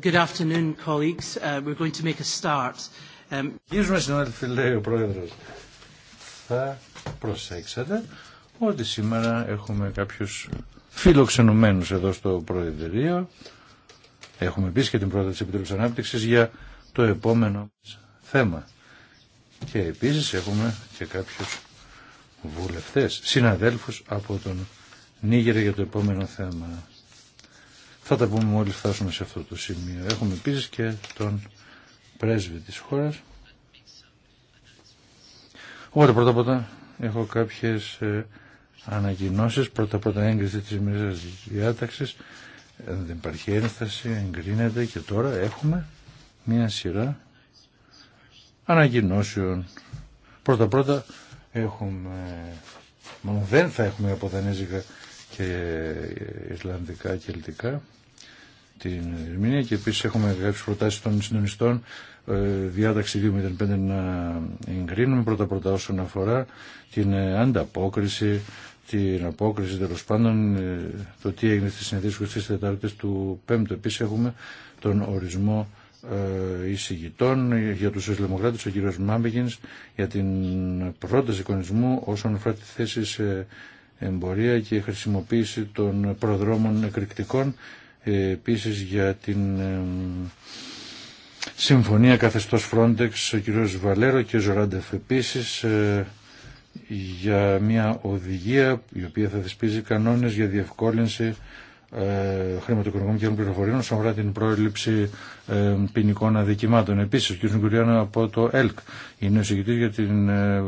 Good afternoon, uh, um, συνάδελφοι, λέει ο Πρόεδρος. Θα προσέξατε ότι σήμερα έχουμε κάποιους φιλοξενουμένους εδώ στο Προεδρείο. Έχουμε επίσης και την πρόεδρο της Επιτροπής Ανάπτυξης για το επόμενο θέμα. Και επίσης έχουμε και κάποιους βουλευτές, συναδέλφους από τον Νίγερ για το επόμενο θέμα. Θα τα πούμε μόλις φτάσουμε σε αυτό το σημείο. Έχουμε επίσης και τον πρέσβη της χώρας. Οπότε πρώτα απ' όλα έχω κάποιες ε, ανακοινώσεις. Πρώτα απ' όλα έγκριση της ημερής διάταξης. Ε, δεν υπάρχει ένσταση, εγκρίνεται και τώρα έχουμε μία σειρά ανακοινώσεων. Πρώτα πρώτα έχουμε, μόνο δεν θα έχουμε από και ισλανδικά και ελτικά την ερμηνεία και επίσης έχουμε γράψει προτάσεις των συντονιστών ε, διάταξη 2.05 να εγκρίνουμε πρώτα πρώτα όσον αφορά την ε, ανταπόκριση την απόκριση τέλο πάντων ε, το τι έγινε στις συνεδρίσεις της Τετάρτης του 5ου επίσης έχουμε τον ορισμό εισηγητών για τους Ισλαμοκράτες ο κύριος Μάμπηγινς για την πρόταση εικονισμού όσον αφορά τη θέση σε εμπορία και χρησιμοποίηση των προδρόμων εκρηκτικών επίσης για την συμφωνία καθεστώς Frontex ο κύριος Βαλέρο και ο Ζωράντεφ επίσης ε, για μια οδηγία η οποία θα θεσπίζει κανόνες για διευκόλυνση ε, χρηματοοικονομικών και πληροφοριών όσον αφορά την πρόληψη ε, ποινικών αδικημάτων. Επίση, ο κ. Γκουριάνο από το ΕΛΚ είναι ο για την ε,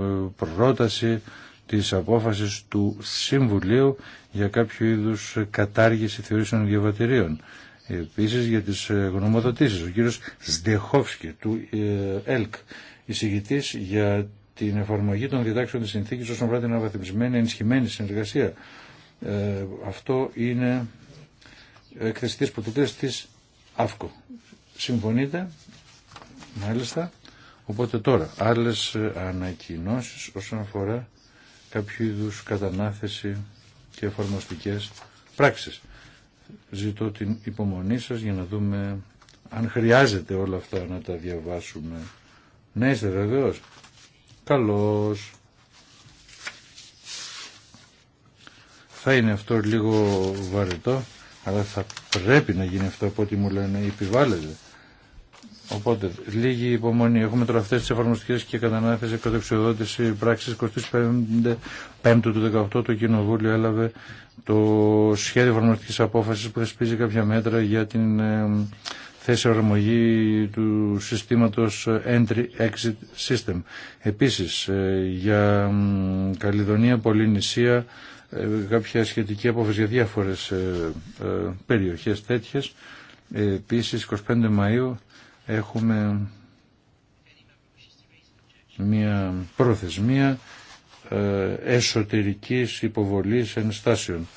πρόταση της απόφασης του Συμβουλίου για κάποιο είδους κατάργηση θεωρήσεων διαβατηρίων. Επίσης για τις ε, γνωμοδοτήσεις. Ο κύριος Σντεχόφσκι του ε, ΕΛΚ, εισηγητής για την εφαρμογή των διδάξεων της συνθήκης όσον αφορά την αναβαθμισμένη ενισχυμένη συνεργασία. Ε, αυτό είναι έκθεση της της ΑΦΚΟ. Συμφωνείτε, μάλιστα. Οπότε τώρα, άλλες ανακοινώσεις όσον αφορά κάποιο είδου κατανάθεση και εφαρμοστικές πράξεις. Ζητώ την υπομονή σας για να δούμε αν χρειάζεται όλα αυτά να τα διαβάσουμε. Ναι, είστε βεβαίως. Καλώς. Θα είναι αυτό λίγο βαρετό, αλλά θα πρέπει να γίνει αυτό από ό,τι μου λένε, επιβάλλεται. Οπότε, λίγη υπομονή. Έχουμε τώρα αυτέ τι εφαρμοστικέ και κατανάθεση κατεξοδότηση πράξη 25 του 18 το Κοινοβούλιο έλαβε το σχέδιο εφαρμοστική απόφαση που θεσπίζει κάποια μέτρα για την ε, θέση εφαρμογή του συστηματο entry Entry-Exit System. Επίσης, ε, για Καλλιδονία, Πολυνησία, ε, κάποια σχετική απόφαση για διάφορες περιοχές τέτοιες. Επίσης, 25 Μαΐου έχουμε μια προθεσμία ε, εσωτερικής υποβολής ενστάσεων.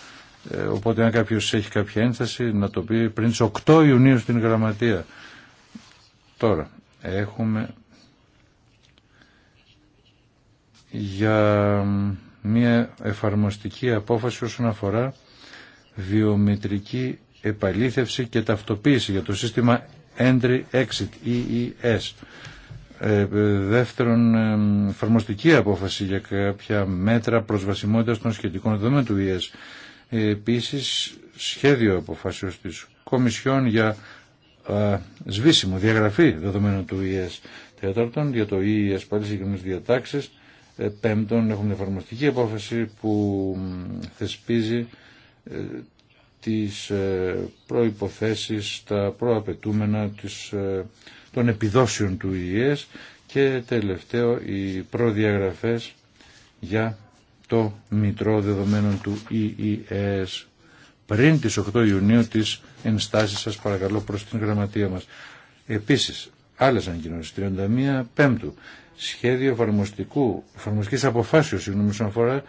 Ε, οπότε αν κάποιος έχει κάποια ένσταση να το πει πριν τις 8 Ιουνίου στην Γραμματεία. Τώρα έχουμε για μια εφαρμοστική απόφαση όσον αφορά βιομητρική επαλήθευση και ταυτοποίηση για το σύστημα Entry Exit, EES. Ε, δεύτερον, εφαρμοστική απόφαση για κάποια μέτρα προσβασιμότητας των σχετικών δεδομένων του ΙΕΣ. E e ε, επίσης, σχέδιο αποφάσεως της Κομισιόν για ε, σβήσιμο, διαγραφή δεδομένων του ΙΕΣ. E Τέταρτον, για το ΙΕΣ πάλι συγκεκριμένες διατάξεις. Ε, πέμπτον, έχουμε εφαρμοστική απόφαση που θεσπίζει τις ε, προϋποθέσεις, τα προαπαιτούμενα της, ε, των επιδόσεων του ΙΕΣ και τελευταίο οι προδιαγραφές για το Μητρό Δεδομένων του ΙΕΣ πριν τις 8 Ιουνίου τις ενστάσεις σας παρακαλώ προς την γραμματεία μας. Επίσης, άλλες ανακοινώσεις, 31 Πέμπτου, σχέδιο εφαρμοστικού, εφαρμοστικής αποφάσεως, συγγνώμη, αφορά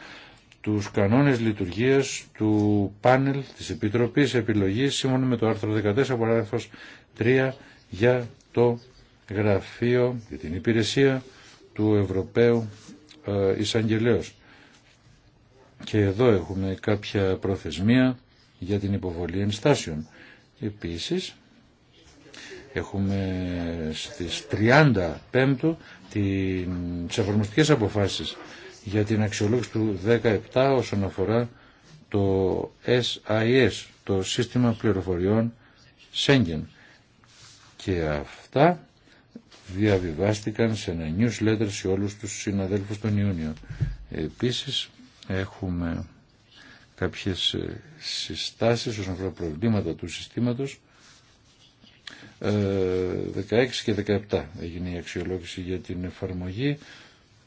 τους κανόνες λειτουργίας του πάνελ της Επιτροπής Επιλογής σύμφωνα με το άρθρο 14 παράγραφος 3 για το γραφείο για την υπηρεσία του Ευρωπαίου ε, Εισαγγελέως. Και εδώ έχουμε κάποια προθεσμία για την υποβολή ενστάσεων. Επίσης, έχουμε στις 35 τις εφαρμοστικές αποφάσεις για την αξιολόγηση του 17 όσον αφορά το SIS, το Σύστημα Πληροφοριών Σέγγεν. Και αυτά διαβιβάστηκαν σε ένα newsletter σε όλους τους συναδέλφους τον Ιούνιο. Επίσης έχουμε κάποιες ε, συστάσεις όσον αφορά προβλήματα του συστήματος 16 ε, και 17 έγινε η αξιολόγηση για την εφαρμογή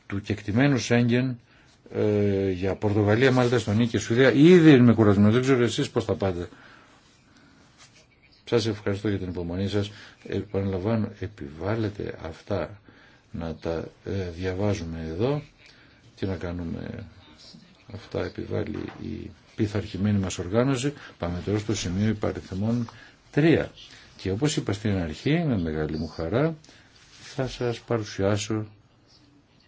του κεκτημένου Σέγγεν ε, για Πορτογαλία, Μάλτα, Στονή και Σουηδία. Ήδη είμαι κουρασμένο. Δεν ξέρω εσεί πώ θα πάτε. Σα ευχαριστώ για την υπομονή σα. Επαναλαμβάνω, επιβάλλετε αυτά να τα ε, διαβάζουμε εδώ. Τι να κάνουμε. Αυτά επιβάλλει η πειθαρχημένη μας οργάνωση. Πάμε τώρα στο σημείο υπαριθμών 3. Και όπως είπα στην αρχή, με μεγάλη μου χαρά, θα σας παρουσιάσω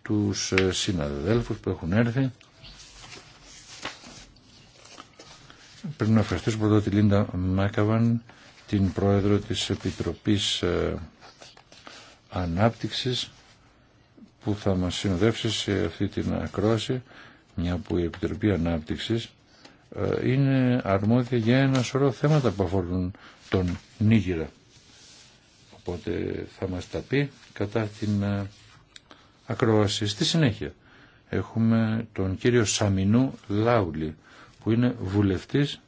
τους ε, συναδέλφους που έχουν έρθει. Πρέπει να ευχαριστήσω πρώτα τη Λίντα Μάκαβαν, την πρόεδρο της Επιτροπής ε, Ανάπτυξης που θα μας συνοδεύσει σε αυτή την ακρόαση, μια που η Επιτροπή Ανάπτυξης ε, είναι αρμόδια για ένα σωρό θέματα που αφορούν τον Νίγηρα. Οπότε θα μας τα πει κατά την ακροασή. Στη συνέχεια έχουμε τον κύριο Σαμινού Λάουλη που είναι βουλευτής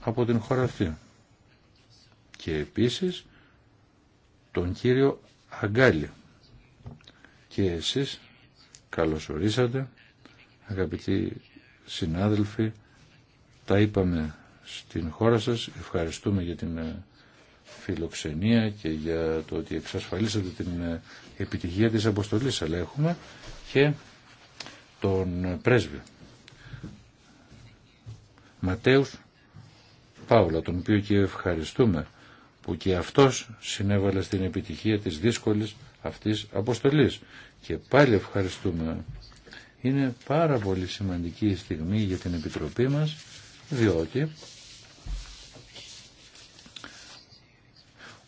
από την χώρα αυτή. Και επίσης τον κύριο Αγκάλη. Και εσείς καλωσορίσατε ορίσατε αγαπητοί συνάδελφοι τα είπαμε στην χώρα σας ευχαριστούμε για την φιλοξενία και για το ότι εξασφαλίσατε την ε, επιτυχία της αποστολής. Αλλά έχουμε και τον πρέσβη Ματέους Παύλα, τον οποίο και ευχαριστούμε που και αυτός συνέβαλε στην επιτυχία της δύσκολης αυτής αποστολής. Και πάλι ευχαριστούμε. Είναι πάρα πολύ σημαντική η στιγμή για την Επιτροπή μας, διότι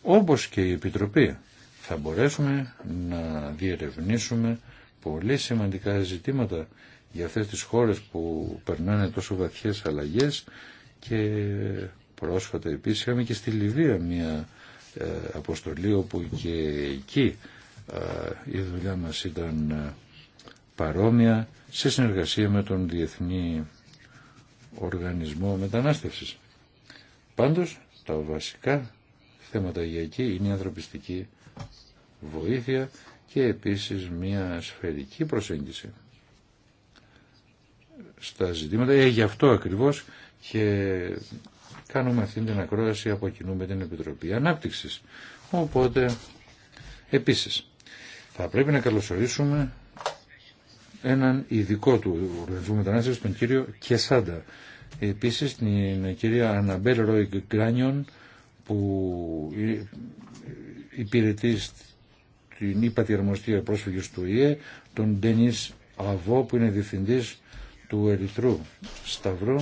όπως και η Επιτροπή θα μπορέσουμε να διερευνήσουμε πολύ σημαντικά ζητήματα για αυτές τις χώρες που περνάνε τόσο βαθιές αλλαγές και πρόσφατα επίσης είχαμε και στη Λιβύα μια ε, αποστολή όπου και εκεί ε, η δουλειά μας ήταν ε, παρόμοια σε συνεργασία με τον Διεθνή Οργανισμό Μετανάστευσης. Πάντως τα βασικά εκεί είναι η ανθρωπιστική βοήθεια και επίσης μια σφαιρική προσέγγιση στα ζητήματα. Ε, γι' αυτό ακριβώς και κάνουμε αυτή την ακρόαση από κοινού με την Επιτροπή Ανάπτυξης. Οπότε, επίσης, θα πρέπει να καλωσορίσουμε έναν ειδικό του Οργανισμού Μετανάστευσης, τον κύριο Κεσάντα. Επίσης, την κυρία Αναμπέλ Ροϊ Γκράνιον, που υπηρετεί την ύπατη αρμοστία πρόσφυγης του ΙΕ, τον Ντένις Αβό που είναι διευθυντής του Ερυθρού Σταυρού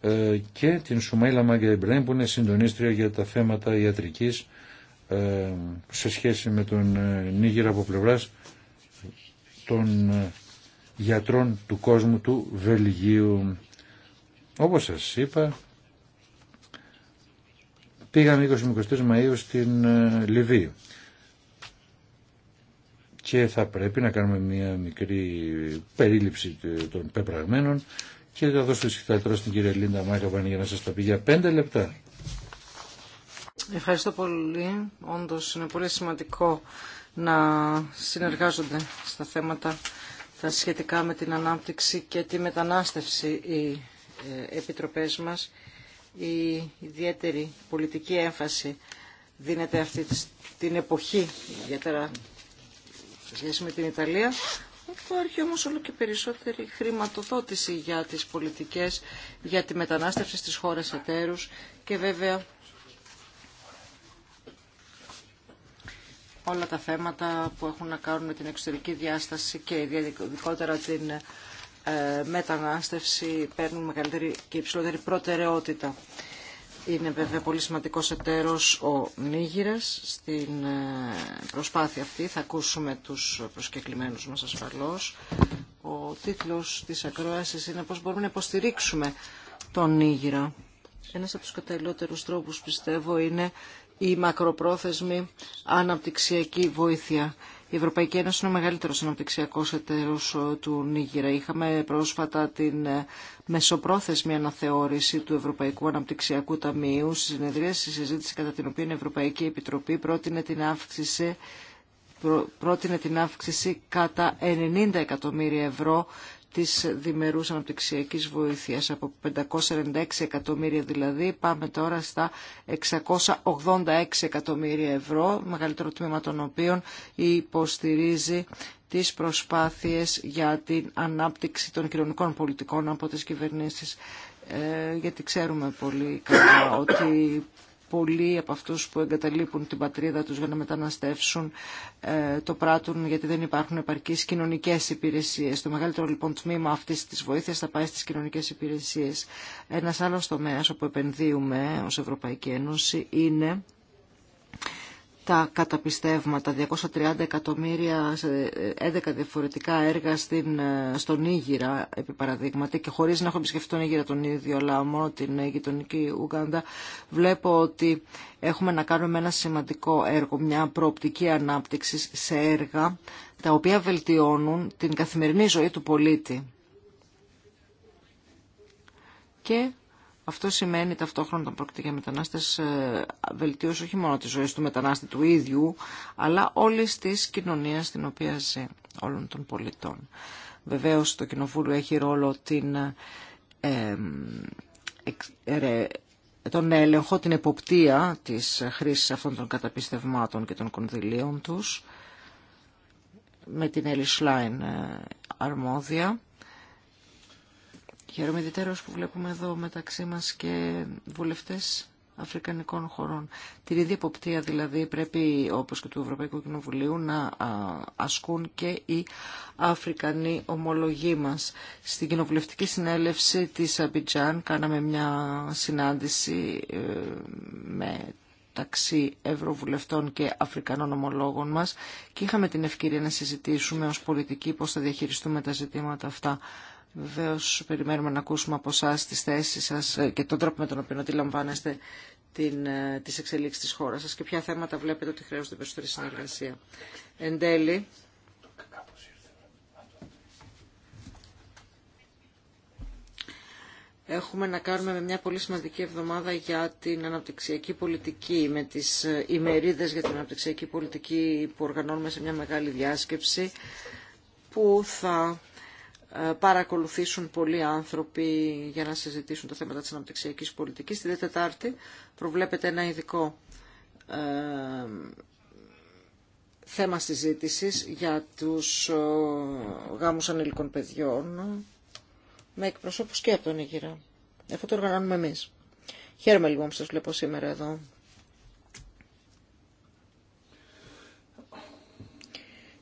ε, και την Σουμαίλα Εμπρέμ που είναι συντονίστρια για τα θέματα ιατρικής ε, σε σχέση με τον ε, Νίγηρα από πλευράς των γιατρών του κόσμου του Βελγίου. Όπως σας είπα, Πήγαμε 20 23 Μαΐου στην ε, Λιβύη και θα πρέπει να κάνουμε μια μικρή περίληψη των πεπραγμένων και θα δώσω τη στην κυρία Λίντα Μάκαβαν για να σας τα πει για πέντε λεπτά. Ευχαριστώ πολύ. Όντως είναι πολύ σημαντικό να συνεργάζονται στα θέματα τα σχετικά με την ανάπτυξη και τη μετανάστευση οι ε, επιτροπές μας η ιδιαίτερη πολιτική έμφαση δίνεται αυτή την εποχή, ιδιαίτερα σε σχέση με την Ιταλία. Υπάρχει όμως όλο και περισσότερη χρηματοδότηση για τις πολιτικές, για τη μετανάστευση στις χώρες εταίρους και βέβαια όλα τα θέματα που έχουν να κάνουν με την εξωτερική διάσταση και ειδικότερα την ε, μετανάστευση παίρνουν μεγαλύτερη και υψηλότερη προτεραιότητα. Είναι βέβαια πολύ σημαντικός εταίρος ο Νίγηρας στην ε, προσπάθεια αυτή. Θα ακούσουμε τους προσκεκλημένους μας ασφαλώς. Ο τίτλος της ακρόασης είναι πώς μπορούμε να υποστηρίξουμε τον Νίγηρα. Ένας από τους καταλληλότερους τρόπους πιστεύω είναι η μακροπρόθεσμη αναπτυξιακή βοήθεια. Η Ευρωπαϊκή Ένωση είναι ο μεγαλύτερος αναπτυξιακός εταίρος ε, του Νίγηρα. Είχαμε πρόσφατα την ε, μεσοπρόθεσμη αναθεώρηση του Ευρωπαϊκού Αναπτυξιακού Ταμείου στη συνεδρία στη συζήτηση κατά την οποία η Ευρωπαϊκή Επιτροπή πρότεινε την αύξηση πρότεινε την αύξηση κατά 90 εκατομμύρια ευρώ της διμερούς αναπτυξιακής βοήθειας. Από 596 εκατομμύρια δηλαδή πάμε τώρα στα 686 εκατομμύρια ευρώ, μεγαλύτερο τμήμα των οποίων υποστηρίζει τις προσπάθειες για την ανάπτυξη των κοινωνικών πολιτικών από τις κυβερνήσεις. Ε, γιατί ξέρουμε πολύ καλά ότι πολλοί από αυτούς που εγκαταλείπουν την πατρίδα τους για να μεταναστεύσουν ε, το πράττουν γιατί δεν υπάρχουν επαρκείς κοινωνικές υπηρεσίες. Το μεγαλύτερο λοιπόν τμήμα αυτής της βοήθειας θα πάει στις κοινωνικές υπηρεσίες. Ένας άλλος τομέας όπου επενδύουμε ως Ευρωπαϊκή Ένωση είναι τα καταπιστεύματα, 230 εκατομμύρια σε 11 διαφορετικά έργα στην, ε, στον Ήγυρα, επί παραδείγματι, και χωρίς να έχω επισκεφτεί τον Ήγυρα τον ίδιο, αλλά μόνο την ε, γειτονική Ουγγάντα, βλέπω ότι έχουμε να κάνουμε ένα σημαντικό έργο, μια προοπτική ανάπτυξη σε έργα, τα οποία βελτιώνουν την καθημερινή ζωή του πολίτη. Και αυτό σημαίνει ταυτόχρονα όταν πρόκειται για μετανάστε ε, βελτίωση όχι μόνο τη ζωή του μετανάστη του ίδιου, αλλά όλη τη κοινωνία στην οποία ζει, όλων των πολιτών. Βεβαίω το Κοινοβούλιο έχει ρόλο την, ε, ε, τον έλεγχο, την εποπτεία της χρήσης αυτών των καταπιστευμάτων και των κονδυλίων τους με την Ελισλάιν αρμόδια Χαίρομαι ιδιαίτερως που βλέπουμε εδώ μεταξύ μας και βουλευτές αφρικανικών χωρών. Την ίδια υποπτία δηλαδή πρέπει όπως και του Ευρωπαϊκού Κοινοβουλίου να ασκούν και οι Αφρικανοί ομολογοί μας. Στην κοινοβουλευτική συνέλευση της Αμπιτζάν κάναμε μια συνάντηση ε, με ταξί Ευρωβουλευτών και Αφρικανών ομολόγων μας και είχαμε την ευκαιρία να συζητήσουμε ως πολιτικοί πώς θα διαχειριστούμε τα ζητήματα αυτά. Βεβαίω περιμένουμε να ακούσουμε από εσά τι θέσει σα ε, και τον τρόπο με τον οποίο αντιλαμβάνεστε τι εξελίξει τη ε, χώρα σα και ποια θέματα βλέπετε ότι χρειάζονται περισσότερη συνεργασία. Εν τέλει, έχουμε να κάνουμε με μια πολύ σημαντική εβδομάδα για την αναπτυξιακή πολιτική, με τις ε, ημερίδες για την αναπτυξιακή πολιτική που οργανώνουμε σε μια μεγάλη διάσκεψη που θα ε, παρακολουθήσουν πολλοί άνθρωποι για να συζητήσουν τα θέματα της αναπτυξιακής πολιτικής. Την Τετάρτη προβλέπεται ένα ειδικό ε, θέμα συζήτησης για τους ε, γάμους ανήλικων παιδιών με εκπροσώπους και από τον Ιγύρα. Αυτό το οργανώνουμε εμείς. Χαίρομαι λοιπόν που σας βλέπω σήμερα εδώ.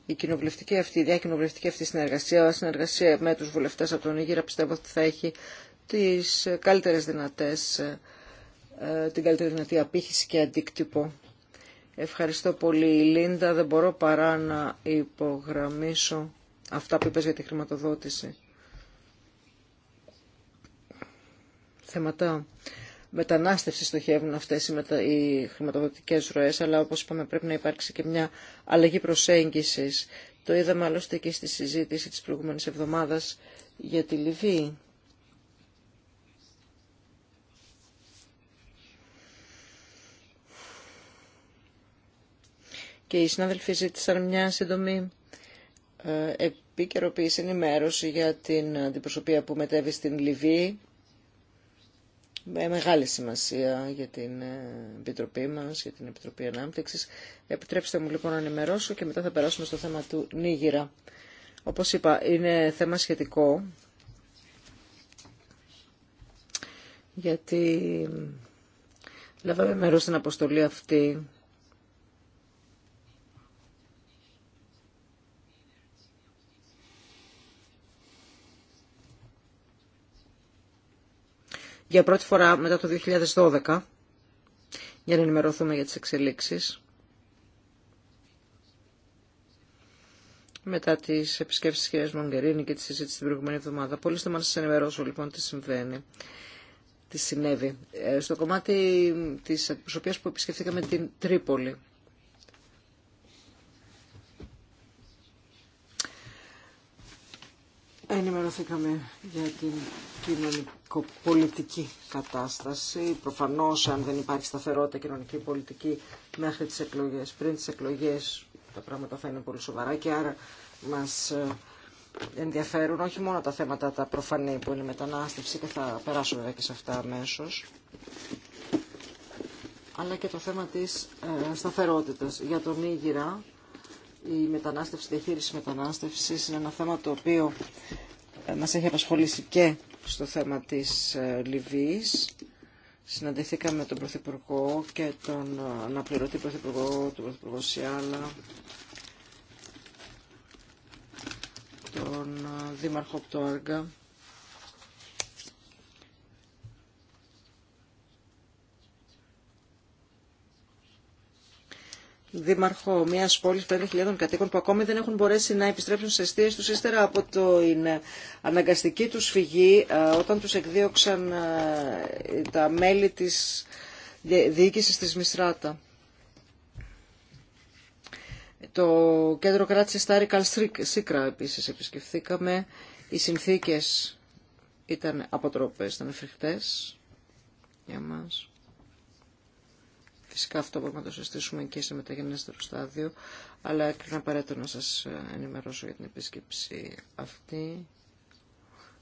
η κοινοβουλευτική αυτή, η διακοινοβουλευτική αυτή συνεργασία, συνεργασία με τους βουλευτές από τον Ήγηρα πιστεύω ότι θα έχει τις καλύτερες δυνατές, ε, την καλύτερη δυνατή απήχηση και αντίκτυπο. Ευχαριστώ πολύ Λίντα, δεν μπορώ παρά να υπογραμμίσω αυτά που είπες για τη χρηματοδότηση. Θεματά μετανάστευση στοχεύουν αυτές οι, μετα... οι χρηματοδοτικές ροές, αλλά όπως είπαμε πρέπει να υπάρξει και μια αλλαγή προσέγγιση. Το είδαμε άλλωστε και στη συζήτηση της προηγούμενης εβδομάδας για τη Λιβύη. Και οι συνάδελφοι ζήτησαν μια σύντομη ε, επικαιροποίηση ενημέρωση για την αντιπροσωπεία που μετέβει στην Λιβύη με μεγάλη σημασία για την ε, Επιτροπή μας, για την Επιτροπή Ανάπτυξης. Επιτρέψτε μου λοιπόν να ενημερώσω και μετά θα περάσουμε στο θέμα του Νίγηρα. Όπως είπα, είναι θέμα σχετικό, γιατί λάβαμε μέρος στην αποστολή αυτή για πρώτη φορά μετά το 2012 για να ενημερωθούμε για τις εξελίξεις. μετά τις επισκέψεις τη κυρίας Μογκερίνη και τη συζήτηση την προηγούμενη εβδομάδα. Πολύ στο να σα ενημερώσω λοιπόν τι συμβαίνει, τι συνέβη. Ε, στο κομμάτι της αντιπροσωπεία που επισκεφθήκαμε την Τρίπολη. Ενημερωθήκαμε για την κοινωνική πολιτική κατάσταση. Προφανώς αν δεν υπάρχει σταθερότητα κοινωνική πολιτική μέχρι τις εκλογές, πριν τις εκλογές τα πράγματα θα είναι πολύ σοβαρά και άρα μας ε, ενδιαφέρουν όχι μόνο τα θέματα τα προφανή που είναι η μετανάστευση και θα περάσω βέβαια και σε αυτά αμέσω, αλλά και το θέμα της σταθερότητα. σταθερότητας. Για τον Ήγηρα η μετανάστευση, η διαχείριση μετανάστευσης είναι ένα θέμα το οποίο ε, μας έχει απασχολήσει και στο θέμα της ε, Λιβύης. Συναντηθήκαμε με τον Πρωθυπουργό και τον ε, αναπληρωτή Πρωθυπουργό, τον Πρωθυπουργό Σιάλα, τον ε, Δήμαρχο Πτώργα. δήμαρχο μια πόλη 5.000 κατοίκων που ακόμη δεν έχουν μπορέσει να επιστρέψουν στι αιστείε του ύστερα από την αναγκαστική του φυγή ε, όταν του εκδίωξαν ε, τα μέλη τη διοίκηση τη Μισράτα. Το κέντρο κράτηση Τάρικαλ Σίκρα επίση επισκεφθήκαμε. Οι συνθήκε ήταν αποτρόπε, ήταν εφικτέ για μας. Φυσικά αυτό μπορούμε να το συστήσουμε και σε μεταγενέστερο στάδιο, αλλά έκρινα απαραίτητο να σας ενημερώσω για την επίσκεψη αυτή.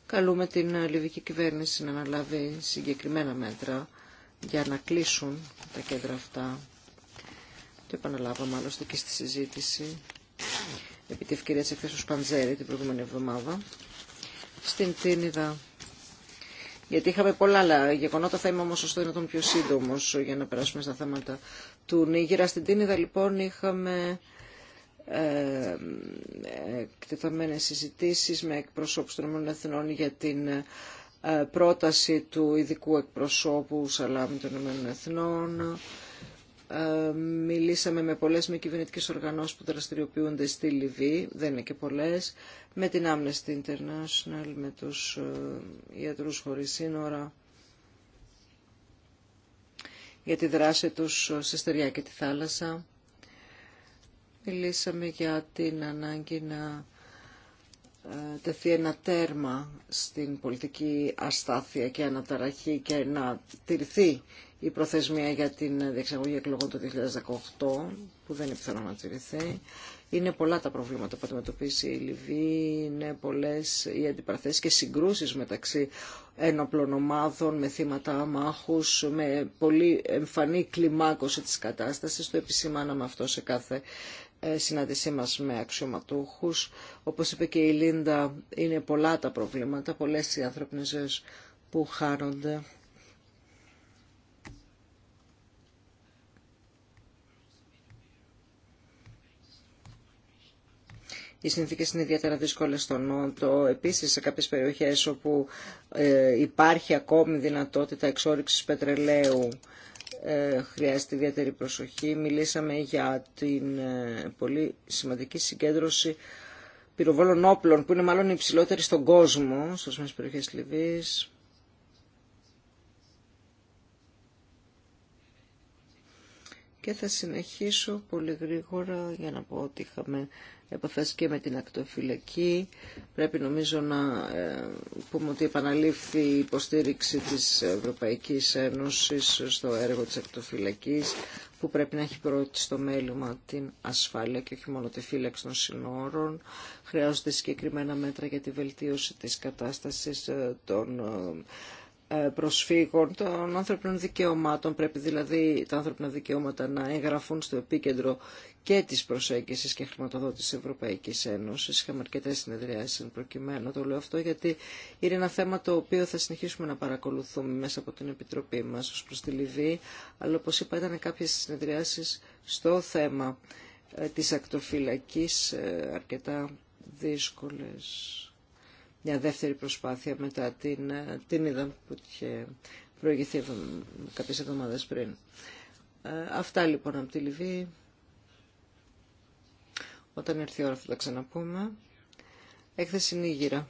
Καλούμε την Λιβική κυβέρνηση να αναλάβει συγκεκριμένα μέτρα για να κλείσουν τα κέντρα αυτά. Το επαναλάβαμε άλλωστε και στη συζήτηση επί τη ευκαιρία της εκθέσεως Παντζέρη την προηγούμενη εβδομάδα. Στην Τίνιδα γιατί είχαμε πολλά άλλα γεγονότα, θα είμαι όμως ωστόσο τον πιο σύντομο για να περάσουμε στα θέματα του Νίγηρα. Στην Τίνιδα λοιπόν είχαμε ε, συζητήσει ε, συζητήσεις με εκπροσώπους των Εθνών για την ε, πρόταση του ειδικού εκπροσώπου Σαλάμ των Εθνών ε, μιλήσαμε με πολλές με κυβερνητικές οργανώσεις που δραστηριοποιούνται στη Λιβύη, δεν είναι και πολλές, με την Amnesty International, με τους ε, ιατρούς χωρίς σύνορα, για τη δράση τους σε στεριά και τη θάλασσα. Μιλήσαμε για την ανάγκη να ε, τεθεί ένα τέρμα στην πολιτική αστάθεια και αναταραχή και να τηρηθεί η προθεσμία για την διεξαγωγή εκλογών το 2018, που δεν είναι πιθανό να τηρηθεί. Είναι πολλά τα προβλήματα που αντιμετωπίζει η Λιβύη, είναι πολλές οι αντιπαραθέσεις και συγκρούσεις μεταξύ ένοπλων ομάδων, με θύματα αμάχους, με πολύ εμφανή κλιμάκωση της κατάστασης. Το επισημάναμε αυτό σε κάθε ε, συνάντησή μας με αξιωματούχους. Όπως είπε και η Λίντα, είναι πολλά τα προβλήματα, πολλές οι άνθρωποι που χάνονται. Οι συνθήκες είναι ιδιαίτερα δύσκολες στο Νότο. Επίσης σε κάποιες περιοχές όπου ε, υπάρχει ακόμη δυνατότητα εξόρυξης πετρελαίου ε, χρειάζεται ιδιαίτερη προσοχή. Μιλήσαμε για την ε, πολύ σημαντική συγκέντρωση πυροβόλων όπλων που είναι μάλλον η υψηλότερη στον κόσμο, στις περιοχές Λιβύης και θα συνεχίσω πολύ γρήγορα για να πω ότι είχαμε επαφές και με την ακτοφυλακή. Πρέπει νομίζω να ε, πούμε ότι επαναλήφθη η υποστήριξη της Ευρωπαϊκής Ένωσης στο έργο της ακτοφυλακής που πρέπει να έχει πρώτη στο μέλημα την ασφάλεια και όχι μόνο τη φύλαξη των συνόρων. Χρειάζονται συγκεκριμένα μέτρα για τη βελτίωση της κατάστασης ε, των ε, ε, προσφύγων, των άνθρωπινων δικαιωμάτων. Πρέπει δηλαδή τα άνθρωπινα δικαιώματα να εγγραφούν στο επίκεντρο και τη προσέγγιση και χρηματοδότηση της Ευρωπαϊκής Ένωσης. Είχαμε αρκετές συνεδριάσεις προκειμένου. Το λέω αυτό γιατί είναι ένα θέμα το οποίο θα συνεχίσουμε να παρακολουθούμε μέσα από την Επιτροπή μα ω προ τη Λιβύη. Αλλά όπω είπα ήταν κάποιε συνεδριάσεις στο θέμα ε, της ακτοφυλακή ε, αρκετά δύσκολες μια δεύτερη προσπάθεια μετά την, ε, την είδα που είχε προηγηθεί κάποιες εβδομάδες πριν. Ε, αυτά λοιπόν από τη Λιβύη. Όταν έρθει η ώρα θα τα ξαναπούμε. Έκθεση Νίγηρα.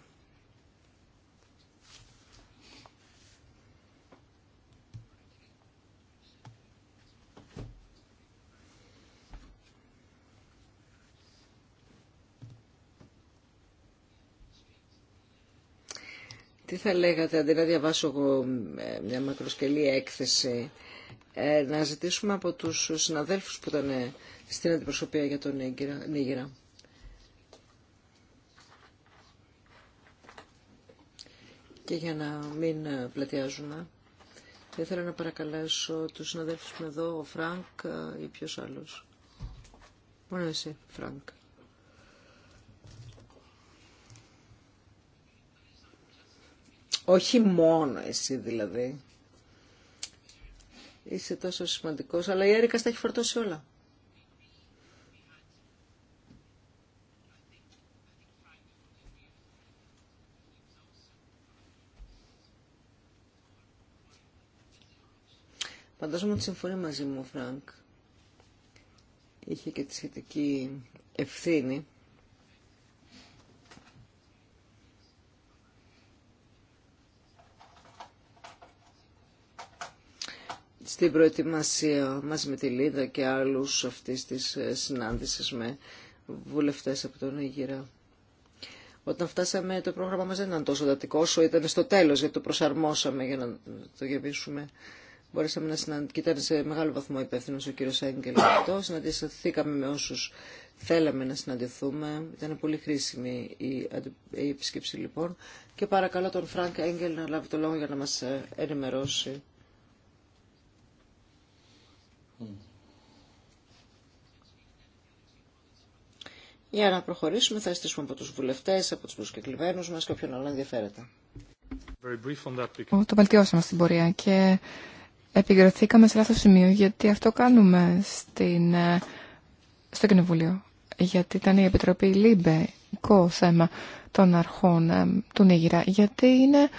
Τι θα λέγατε αντί να διαβάσω εγώ ε, μια μακροσκελή έκθεση ε, να ζητήσουμε από τους συναδέλφους που ήταν ε, στην αντιπροσωπεία για τον Νίγηρα. Και για να μην πλατιάζουμε, θα ήθελα να παρακαλέσω τους συναδέλφους είναι εδώ, ο Φρανκ ή ποιος άλλος. Μόνο εσύ, Φρανκ. Όχι μόνο εσύ δηλαδή. Είσαι τόσο σημαντικός, αλλά η Έρικα τα έχει φορτώσει όλα. Φαντάζομαι ότι συμφωνεί μαζί μου ο Φρανκ. Είχε και τη σχετική ευθύνη στην προετοιμασία μαζί με τη Λίδα και άλλους αυτής της ε, συνάντησης με βουλευτές από τον Αίγυρα. Όταν φτάσαμε το πρόγραμμα μας δεν ήταν τόσο δατικό όσο ήταν στο τέλος γιατί το προσαρμόσαμε για να το γεμίσουμε. Μπορέσαμε να συναντήσουμε. ήταν σε μεγάλο βαθμό υπεύθυνο ο κύριος Έγγελ αυτό. Συναντηθήκαμε με όσους θέλαμε να συναντηθούμε. Ήταν πολύ χρήσιμη η, η επισκέψη λοιπόν. Και παρακαλώ τον Φρανκ Έγγελ να λάβει το λόγο για να μας ε, ενημερώσει Για να προχωρήσουμε θα ζητήσουμε από τους βουλευτέ από τους προσκεκλημένου μας και όποιον άλλο ενδιαφέρεται. Το βελτιώσαμε στην πορεία και επικροτήκαμε σε λάθος σημείο γιατί αυτό κάνουμε στην, ε, στο Κοινοβούλιο. Γιατί ήταν η Επιτροπή ΛΥΜΠΕ, θέμα των αρχών ε, του Νίγηρα. Γιατί είναι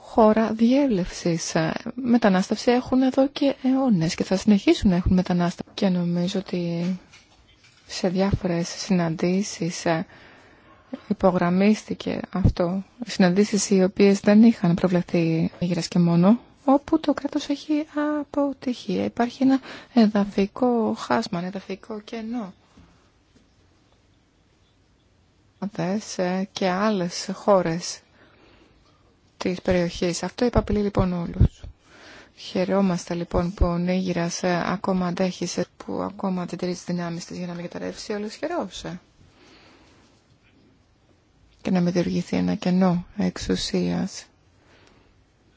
χώρα διέλευση. Ε, μετανάστευση έχουν εδώ και αιώνε και θα συνεχίσουν να έχουν μετανάστευση. Και νομίζω ότι σε διάφορες συναντήσεις ε, υπογραμμίστηκε αυτό. Συναντήσεις οι οποίες δεν είχαν προβλεφθεί γύρω και μόνο, όπου το κράτος έχει αποτυχία. Υπάρχει ένα εδαφικό χάσμα, ένα εδαφικό κενό. Ε, και άλλες χώρες της περιοχής. Αυτό επαπειλεί λοιπόν όλους. Χαιρόμαστε λοιπόν που ο Νίγηρας ε, ακόμα αντέχει που ακόμα δεν δυνάμεις της για να μην καταρρεύσει όλος και να μην δημιουργηθεί ένα κενό εξουσίας.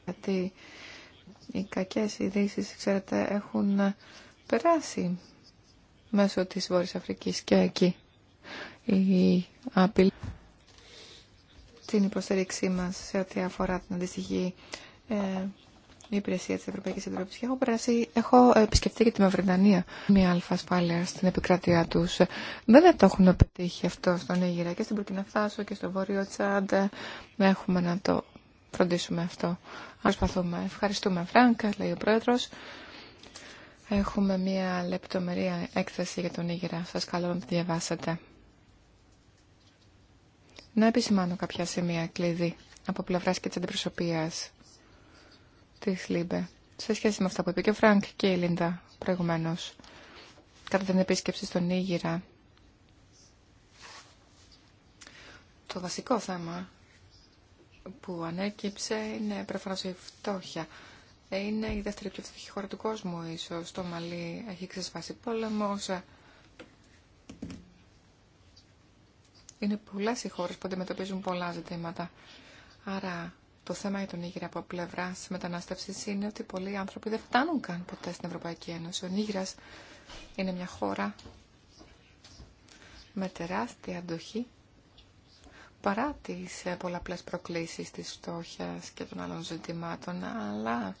Γιατί οι κακές ειδήσει, ξέρετε, έχουν ε, περάσει μέσω της Βόρειας Αφρικής και εκεί. Η απειλή την υποστήριξή μας σε ό,τι αφορά την αντιστοιχή ε, η υπηρεσία τη Ευρωπαϊκή Επιτροπή. και έχω, έχω ε, επισκεφτεί και τη Μαυριτανία μια αλφα ασφάλεια στην επικράτειά του. Δεν το έχουν πετύχει αυτό στον Αίγυρα και στην Πουρκιναφθάσο και στο Βόρειο Τσάντ. Ε, έχουμε να το φροντίσουμε αυτό. Προσπαθούμε. Ευχαριστούμε Φράγκα, λέει ο Πρόεδρο. Έχουμε μια λεπτομερή έκθεση για τον Ήγηρα. Σα καλώ να τη διαβάσετε. Να επισημάνω κάποια σημεία κλειδί από πλευρά και τη αντιπροσωπεία σε σχέση με αυτά που είπε και ο Φρανκ και η Λίντα προηγουμένω. κατά την επίσκεψη στον Ήγηρα. Το βασικό θέμα που ανέκυψε είναι προφανώς η φτώχεια. Είναι η δεύτερη πιο φτωχή χώρα του κόσμου ίσως. Το Μαλί έχει ξεσπάσει πόλεμος. Είναι πολλές οι χώρε που αντιμετωπίζουν πολλά ζητήματα. Άρα το θέμα για τον Νίγηρ από πλευρά μετανάστευση είναι ότι πολλοί άνθρωποι δεν φτάνουν καν ποτέ στην Ευρωπαϊκή Ένωση. Ο Νίγηρα είναι μια χώρα με τεράστια αντοχή παρά τι ε, πολλαπλέ προκλήσει τη φτώχεια και των άλλων ζητημάτων, αλλά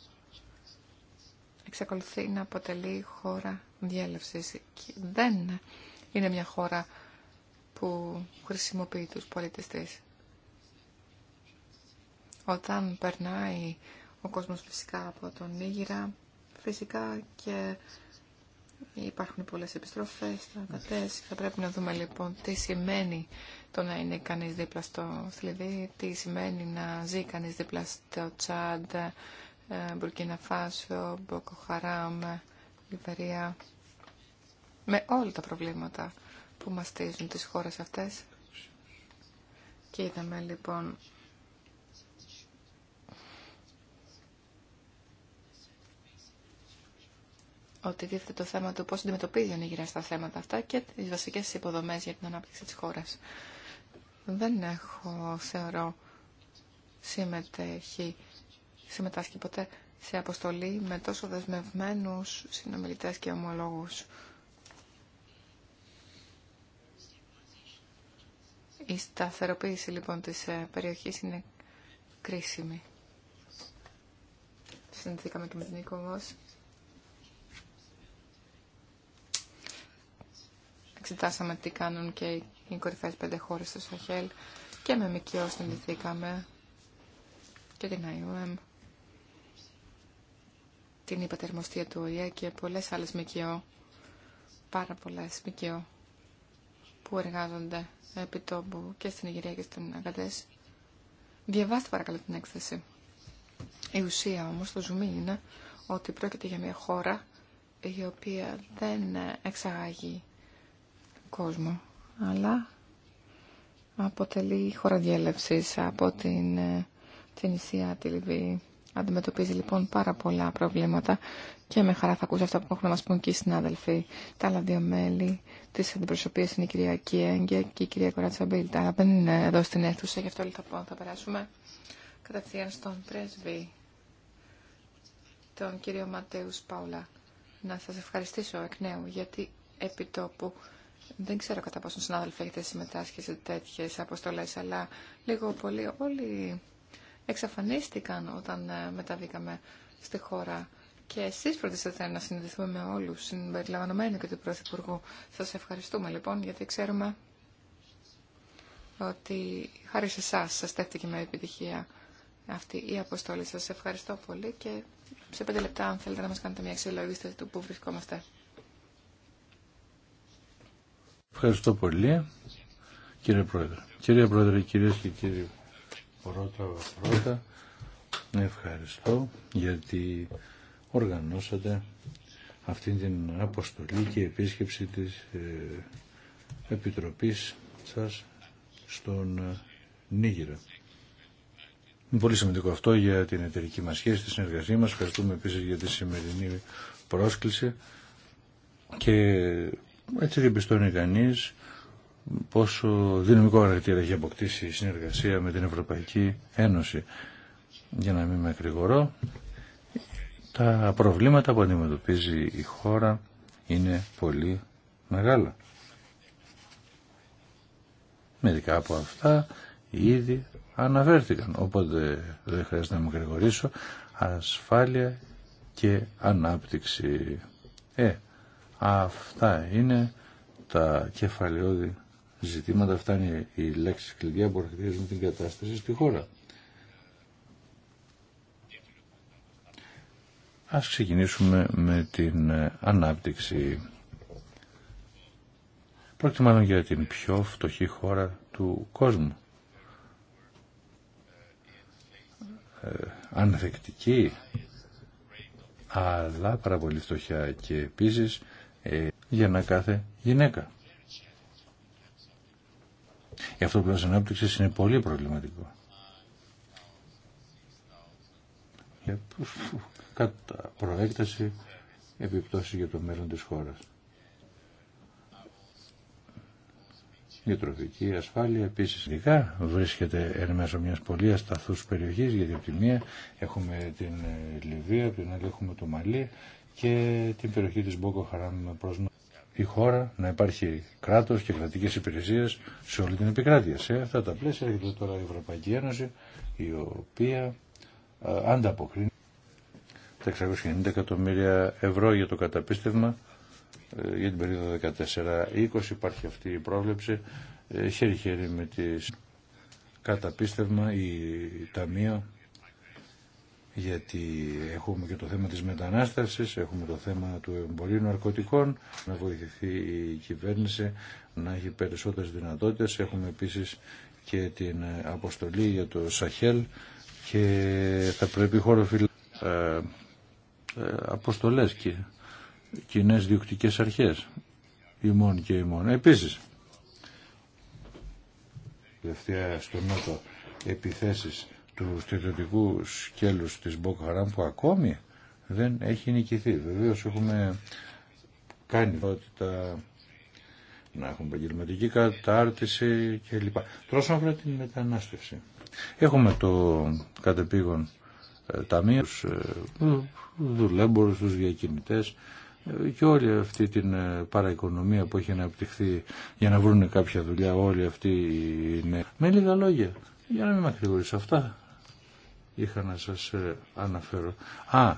εξακολουθεί να αποτελεί χώρα διέλευσης. Δεν είναι μια χώρα που χρησιμοποιεί τους πολίτες της. Όταν περνάει ο κόσμος φυσικά από τον Νίγηρα, φυσικά και υπάρχουν πολλές επιστροφές, στρατατές. Θα πρέπει να δούμε λοιπόν τι σημαίνει το να είναι κανείς δίπλα στο θλιβί, τι σημαίνει να ζει κανείς δίπλα στο Τσάντ, ε, Μπουρκίνα Φάσο, Μποκοχαράμ, Λιβερία, με όλα τα προβλήματα που μαστίζουν τις χώρες αυτές. Και είδαμε λοιπόν ότι δείχνει το θέμα του πώς αντιμετωπίζει η Νίγηρα στα θέματα αυτά και τις βασικές υποδομές για την ανάπτυξη της χώρας. Δεν έχω, θεωρώ, συμμετέχει, συμμετάσχει ποτέ σε αποστολή με τόσο δεσμευμένους συνομιλητές και ομολόγους. Η σταθεροποίηση λοιπόν της ε, περιοχής είναι κρίσιμη. Συνδεθήκαμε και με την οικογόση. εξετάσαμε τι κάνουν και οι κορυφαίες πέντε χώρες στο Σαχέλ και με ΜΚΟ συνδεθήκαμε και την IOM, την υπατερμοστία του ΟΗΕ και πολλές άλλες ΜΚΟ, πάρα πολλές ΜΚΟ που εργάζονται επί τόπου και στην Ιγυρία και στην Αγκαντές. Διαβάστε παρακαλώ την έκθεση. Η ουσία όμως, το ζουμί είναι ότι πρόκειται για μια χώρα η οποία δεν εξαγάγει κόσμο, αλλά αποτελεί χώρα διέλευση από την, ε, την τη Λιβύη. Αντιμετωπίζει λοιπόν πάρα πολλά προβλήματα και με χαρά θα ακούσω αυτά που έχουν να μας πούν και οι συνάδελφοι. Τα άλλα δύο μέλη της αντιπροσωπείας είναι η κυρία Κιέγγε και η κυρία Κοράτσα Μπίλτα. Αλλά δεν είναι εδώ στην αίθουσα, γι' αυτό λοιπόν θα, θα περάσουμε κατευθείαν στον πρέσβη, τον κύριο Ματέου Παουλά. Να σας ευχαριστήσω εκ νέου γιατί επί τόπου δεν ξέρω κατά πόσον συνάδελφοι έχετε συμμετάσχει σε τέτοιε αποστολέ, αλλά λίγο πολύ όλοι εξαφανίστηκαν όταν ε, μεταβήκαμε στη χώρα. Και εσείς φροντίσατε να συνδεθούμε με όλους, συμπεριλαμβανομένου και του Πρωθυπουργού. σα ευχαριστούμε λοιπόν, γιατί ξέρουμε ότι χάρη σε εσά σα στέφτηκε με επιτυχία αυτή η αποστολή. Σα ευχαριστώ πολύ και σε πέντε λεπτά αν θέλετε να μα κάνετε μια αξιολόγηση του που βρισκόμαστε. Ευχαριστώ πολύ, κύριε Πρόεδρε. Κύριε Πρόεδρε, κυρίε και κύριοι, πρώτα πρώτα, ευχαριστώ γιατί οργανώσατε αυτή την αποστολή και επίσκεψη της ε, Επιτροπής σας στον ε, Νίγηρα. Είναι πολύ σημαντικό αυτό για την εταιρική μας σχέση, τη συνεργασία μας. Ευχαριστούμε επίσης για τη σημερινή πρόσκληση και έτσι διαπιστώνει κανεί πόσο δυναμικό χαρακτήρα έχει αποκτήσει η συνεργασία με την Ευρωπαϊκή Ένωση. Για να μην με ακρηγορώ, τα προβλήματα που αντιμετωπίζει η χώρα είναι πολύ μεγάλα. Μερικά από αυτά ήδη αναφέρθηκαν, οπότε δεν χρειάζεται να με γρηγορήσω. Ασφάλεια και ανάπτυξη. Ε, Αυτά είναι τα κεφαλαιόδη ζητήματα, αυτά είναι οι λέξεις κλειδιά που αρχίζουν την κατάσταση στη χώρα. Ας ξεκινήσουμε με την ε, ανάπτυξη. Πρόκειται μάλλον για την πιο φτωχή χώρα του κόσμου. Ε, ανθεκτική, αλλά πάρα πολύ φτωχιά και επίσης ε, για να κάθε γυναίκα. Γι' αυτό που ανάπτυξη είναι πολύ προβληματικό. Για κατά προέκταση επιπτώσεις για το μέλλον της χώρας. Η τροφική ασφάλεια επίσης ειδικά βρίσκεται εν μέσω μιας πολύ ασταθούς περιοχής γιατί από τη μία έχουμε την ε, Λιβύη, από την άλλη έχουμε το Μαλί και την περιοχή της Μπόκο Χαράμ προς η χώρα, να υπάρχει κράτος και κρατικές υπηρεσίες σε όλη την επικράτεια. Σε αυτά τα πλαίσια έρχεται τώρα η Ευρωπαϊκή Ένωση, η οποία ανταποκρίνει τα 690 εκατομμύρια ευρώ για το καταπίστευμα ε, για την περίοδο 14-20 υπάρχει αυτή η πρόβλεψη ε, χέρι-χέρι με τις καταπίστευμα η ταμείο γιατί έχουμε και το θέμα της μετανάστευσης, έχουμε το θέμα του εμπορίου ναρκωτικών, να βοηθηθεί η κυβέρνηση να έχει περισσότερες δυνατότητες. Έχουμε επίσης και την αποστολή για το Σαχέλ και θα πρέπει χώρο ε, ε, αποστολές και κοινέ διοκτικές αρχές, ημών και ημών. Επίσης, τελευταία στο Νότο επιθέσεις του στρατιωτικού σκέλους της Μπόκο που ακόμη δεν έχει νικηθεί. Βεβαίως έχουμε κάνει τα να έχουμε επαγγελματική κατάρτιση κλπ. Τώρα όσον αφορά την μετανάστευση. Έχουμε το κατεπήγον ε, ταμείο, τους ε, δουλέμπορους, τους διακινητές ε, και όλη αυτή την παραοικονομία που έχει αναπτυχθεί για να βρουν κάποια δουλειά όλοι αυτοί οι Με λίγα λόγια, για να μην σε αυτά, είχα να σας ε, αναφέρω. Α,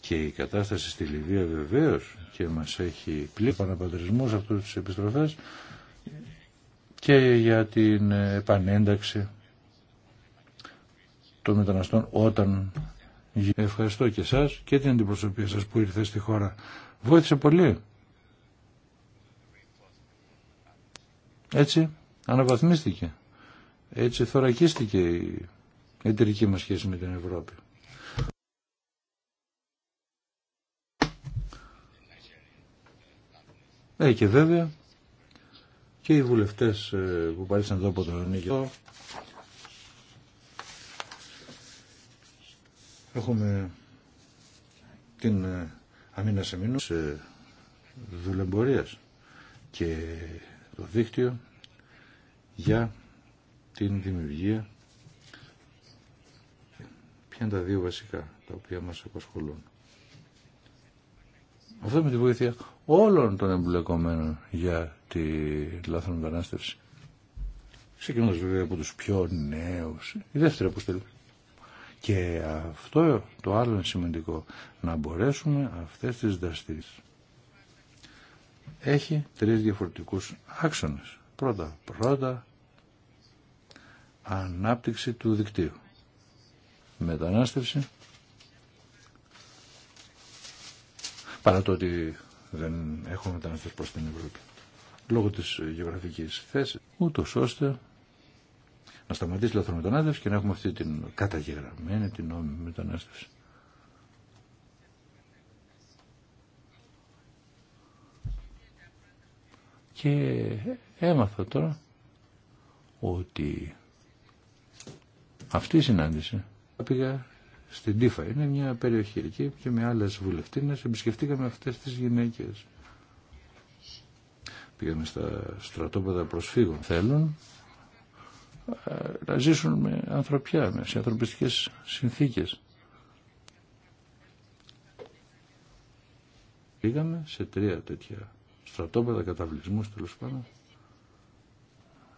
και η κατάσταση στη Λιβύα βεβαίως και μας έχει πλήρη παναπατρισμούς αυτού τις επιστροφές και για την ε, επανένταξη των μεταναστών όταν Ευχαριστώ και σας και την αντιπροσωπεία σας που ήρθε στη χώρα. Βόηθησε πολύ. Έτσι αναβαθμίστηκε. Έτσι θωρακίστηκε εταιρική μας σχέση με την Ευρώπη. Ε, και βέβαια και οι βουλευτές ε, που παρήσαν εδώ από τον Νίκη. Έχουμε την ε, αμήνα σε μήνους ε, δουλεμπορίας και το δίκτυο για την δημιουργία είναι τα δύο βασικά τα οποία μας απασχολούν. Αυτό με τη βοήθεια όλων των εμπλεκομένων για τη λάθρο μετανάστευση. Ξεκινώντας βέβαια από τους πιο νέους, η δεύτερη αποστολή. Και αυτό το άλλο είναι σημαντικό, να μπορέσουμε αυτές τις δραστηριότητες. Έχει τρεις διαφορετικούς άξονες. Πρώτα, πρώτα, ανάπτυξη του δικτύου μετανάστευση. Παρά το ότι δεν έχουμε μετανάστευση προς την Ευρώπη. Λόγω της γεωγραφικής θέσης, ούτως ώστε να σταματήσει η λαθρομετανάστευση και να έχουμε αυτή την καταγεγραμμένη, την νόμιμη μετανάστευση. Και έμαθα τώρα ότι αυτή η συνάντηση πήγα στην Τίφα. Είναι μια περιοχή εκεί και με άλλες βουλευτίνες επισκεφτήκαμε αυτές τις γυναίκες. Πήγαμε στα στρατόπεδα προσφύγων. Θέλουν ε, να ζήσουν με ανθρωπιά, με ανθρωπιστικές συνθήκες. Πήγαμε σε τρία τέτοια στρατόπεδα καταβλισμού τέλο πάντων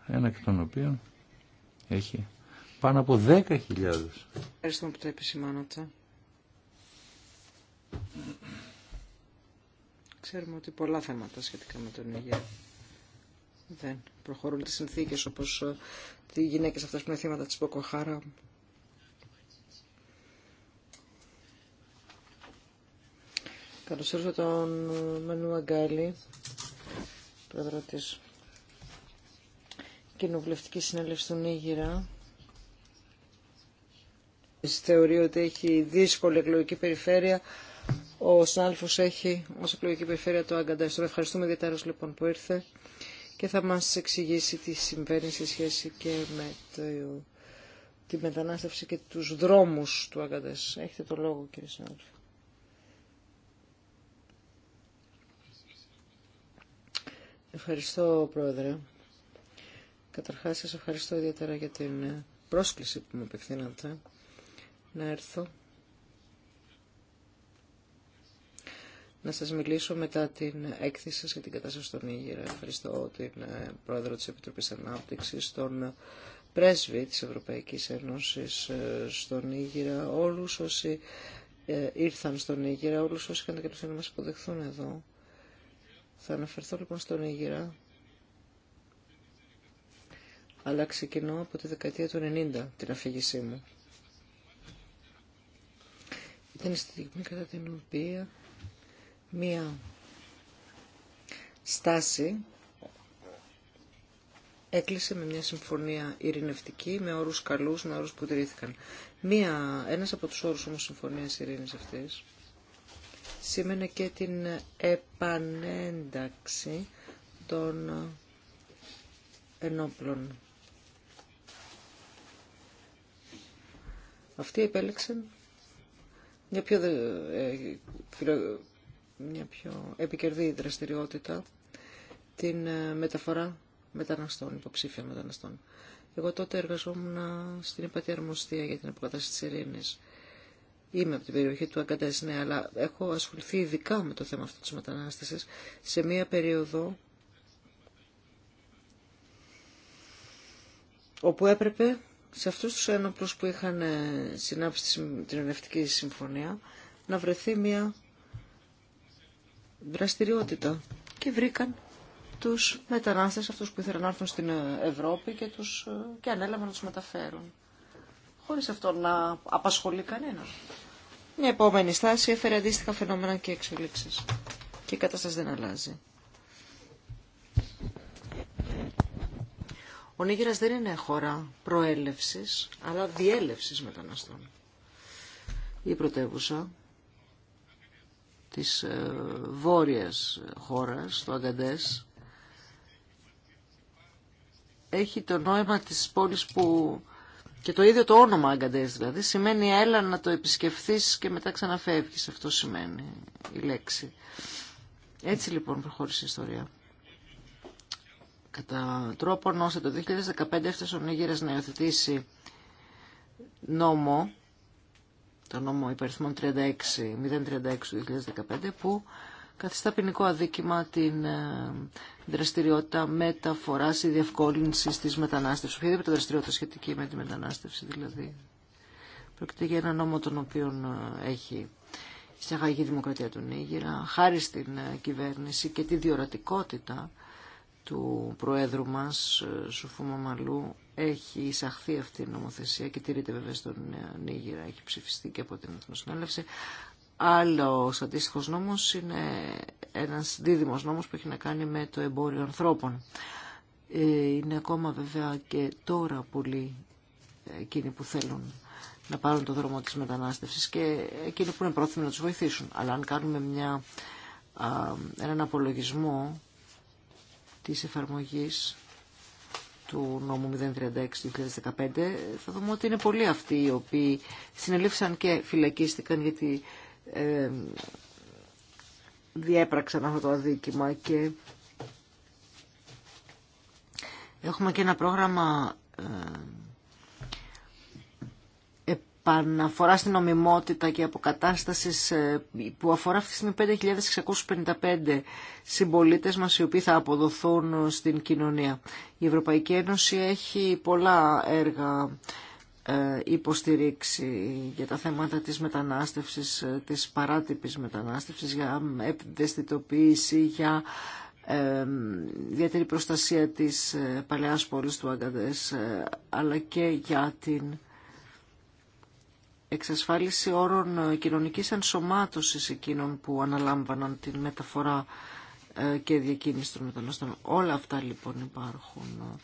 ένα εκ των οποίων έχει πάνω από 10.000. Ευχαριστούμε που το επισημάνατε. Ξέρουμε ότι πολλά θέματα σχετικά με τον υγεία δεν προχωρούν τις συνθήκες όπως ε, οι γυναίκες αυτές που είναι θύματα της Ποκοχάρα. Καλώς ήρθα τον ε, Μανού Αγκάλη, πρόεδρο της Κοινοβουλευτικής Συνέλευσης του Νίγηρα θεωρεί ότι έχει δύσκολη εκλογική περιφέρεια. Ο συνάδελφο έχει ω εκλογική περιφέρεια το Άγκαντα. ευχαριστούμε ιδιαίτερα λοιπόν που ήρθε και θα μα εξηγήσει τι συμβαίνει σε σχέση και με το, τη μετανάστευση και τους δρόμους του Αγκαντές. Έχετε το λόγο κύριε Σνάλφο. Ευχαριστώ πρόεδρε. Καταρχάς σας ευχαριστώ ιδιαίτερα για την πρόσκληση που μου απευθύνατε να έρθω να σας μιλήσω μετά την έκθεση για την κατάσταση στον Ήγηρα. Ευχαριστώ την ε, Πρόεδρο της Επιτροπής Ανάπτυξης, τον ε, Πρέσβη της Ευρωπαϊκής Ένωσης ε, στον Ήγηρα, όλους όσοι ήρθαν στον Ήγηρα, όλους όσοι είχαν την να μας υποδεχθούν εδώ. Θα αναφερθώ λοιπόν στον Ήγηρα, αλλά ξεκινώ από τη δεκαετία του 90 την αφήγησή μου. Ήταν η στιγμή κατά την οποία μία στάση έκλεισε με μια συμφωνία ειρηνευτική, με όρους καλούς, με όρους που τηρήθηκαν. Μία, ένας από τους όρους όμως συμφωνίας ειρήνης αυτής σήμαινε και την επανένταξη των ενόπλων. Αυτοί επέλεξαν μια ε, πιο, μια πιο επικερδή δραστηριότητα την ε, μεταφορά μεταναστών, υποψήφια μεταναστών. Εγώ τότε εργαζόμουν στην Υπατή Αρμοστία για την αποκατάσταση της ειρήνης. Είμαι από την περιοχή του Αγκαντές, ναι, αλλά έχω ασχοληθεί ειδικά με το θέμα αυτό της μετανάστασης σε μία περίοδο όπου έπρεπε σε αυτούς τους ένοπλους που είχαν ε, συνάψει την ενευτική συμφωνία να βρεθεί μια δραστηριότητα και βρήκαν τους μετανάστες, αυτούς που ήθελαν να έρθουν στην ε, Ευρώπη και, τους, ε, και ανέλαβαν να τους μεταφέρουν. Χωρίς αυτό να απασχολεί κανένα. Μια επόμενη στάση έφερε αντίστοιχα φαινόμενα και εξελίξεις. Και η κατάσταση δεν αλλάζει. Ο Νίγηρας δεν είναι χώρα προέλευσης, αλλά διέλευσης μεταναστών. Η πρωτεύουσα της ε, βόρειας χώρας, το Αγκαντές, έχει το νόημα της πόλης που και το ίδιο το όνομα Αγκαντές δηλαδή σημαίνει έλα να το επισκεφθείς και μετά ξαναφεύγεις αυτό σημαίνει η λέξη έτσι λοιπόν προχώρησε η ιστορία κατά τρόπον ώστε το 2015 έφτασε ο Νίγηρας να υιοθετήσει νόμο, το νόμο υπαριθμών 36, 036 του 2015, που καθιστά ποινικό αδίκημα την ε, δραστηριότητα μεταφοράς ή διευκόλυνσης της μετανάστευσης. Οποιαδήποτε δραστηριότητα σχετική με τη μετανάστευση δηλαδή. Πρόκειται για ένα νόμο τον οποίο ε, έχει εισαγάγει η Δημοκρατία του Νίγηρα, χάρη στην ε, κυβέρνηση και τη διορατικότητα του Προέδρου μας, ε, Σουφού Μαμαλού, έχει εισαχθεί αυτή η νομοθεσία και τηρείται βέβαια στον ε, Νίγηρα, έχει ψηφιστεί και από την Εθνοσυνέλευση. Άλλο αντίστοιχο νόμος είναι ένας δίδυμος νόμος που έχει να κάνει με το εμπόριο ανθρώπων. Ε, είναι ακόμα βέβαια και τώρα πολλοί εκείνοι που θέλουν να πάρουν το δρόμο της μετανάστευσης και εκείνοι που είναι πρόθυμοι να τους βοηθήσουν. Αλλά αν κάνουμε μια, έναν απολογισμό της εφαρμογής του νόμου 036-2015 θα δούμε ότι είναι πολλοί αυτοί οι οποίοι συνελήφθησαν και φυλακίστηκαν γιατί ε, διέπραξαν αυτό το αδίκημα και έχουμε και ένα πρόγραμμα ε, Παναφορά στην νομιμότητα και αποκατάσταση ε, που αφορά αυτή τη στιγμή 5.655 συμπολίτε μα οι οποίοι θα αποδοθούν στην κοινωνία. Η Ευρωπαϊκή Ένωση έχει πολλά έργα ε, υποστηρίξει για τα θέματα της μετανάστευσης, ε, της παράτυπης μετανάστευσης, για ευαισθητοποίηση, για ιδιαίτερη προστασία της παλαιάς πόλης του Αγκαδές, αλλά και για την εξασφάλιση όρων ε, κοινωνικής ενσωμάτωσης εκείνων που αναλάμβαναν την μεταφορά ε, και διακίνηση των μεταναστών. Όλα αυτά λοιπόν υπάρχουν. Ε,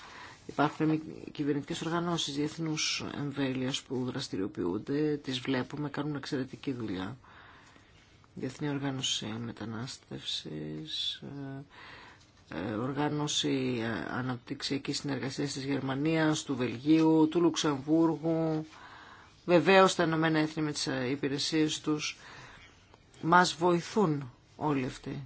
υπάρχουν κυβερνητικέ οργανώσεις διεθνού εμβέλειας που δραστηριοποιούνται, Τις βλέπουμε, κάνουν εξαιρετική δουλειά. Διεθνή Οργάνωση Μετανάστευση, Οργάνωση Αναπτυξιακή Συνεργασία της Γερμανίας, του Βελγίου, του Λουξεμβούργου, Βεβαίω τα Ηνωμένα Έθνη με τις ε, υπηρεσίες τους μας βοηθούν όλοι αυτοί.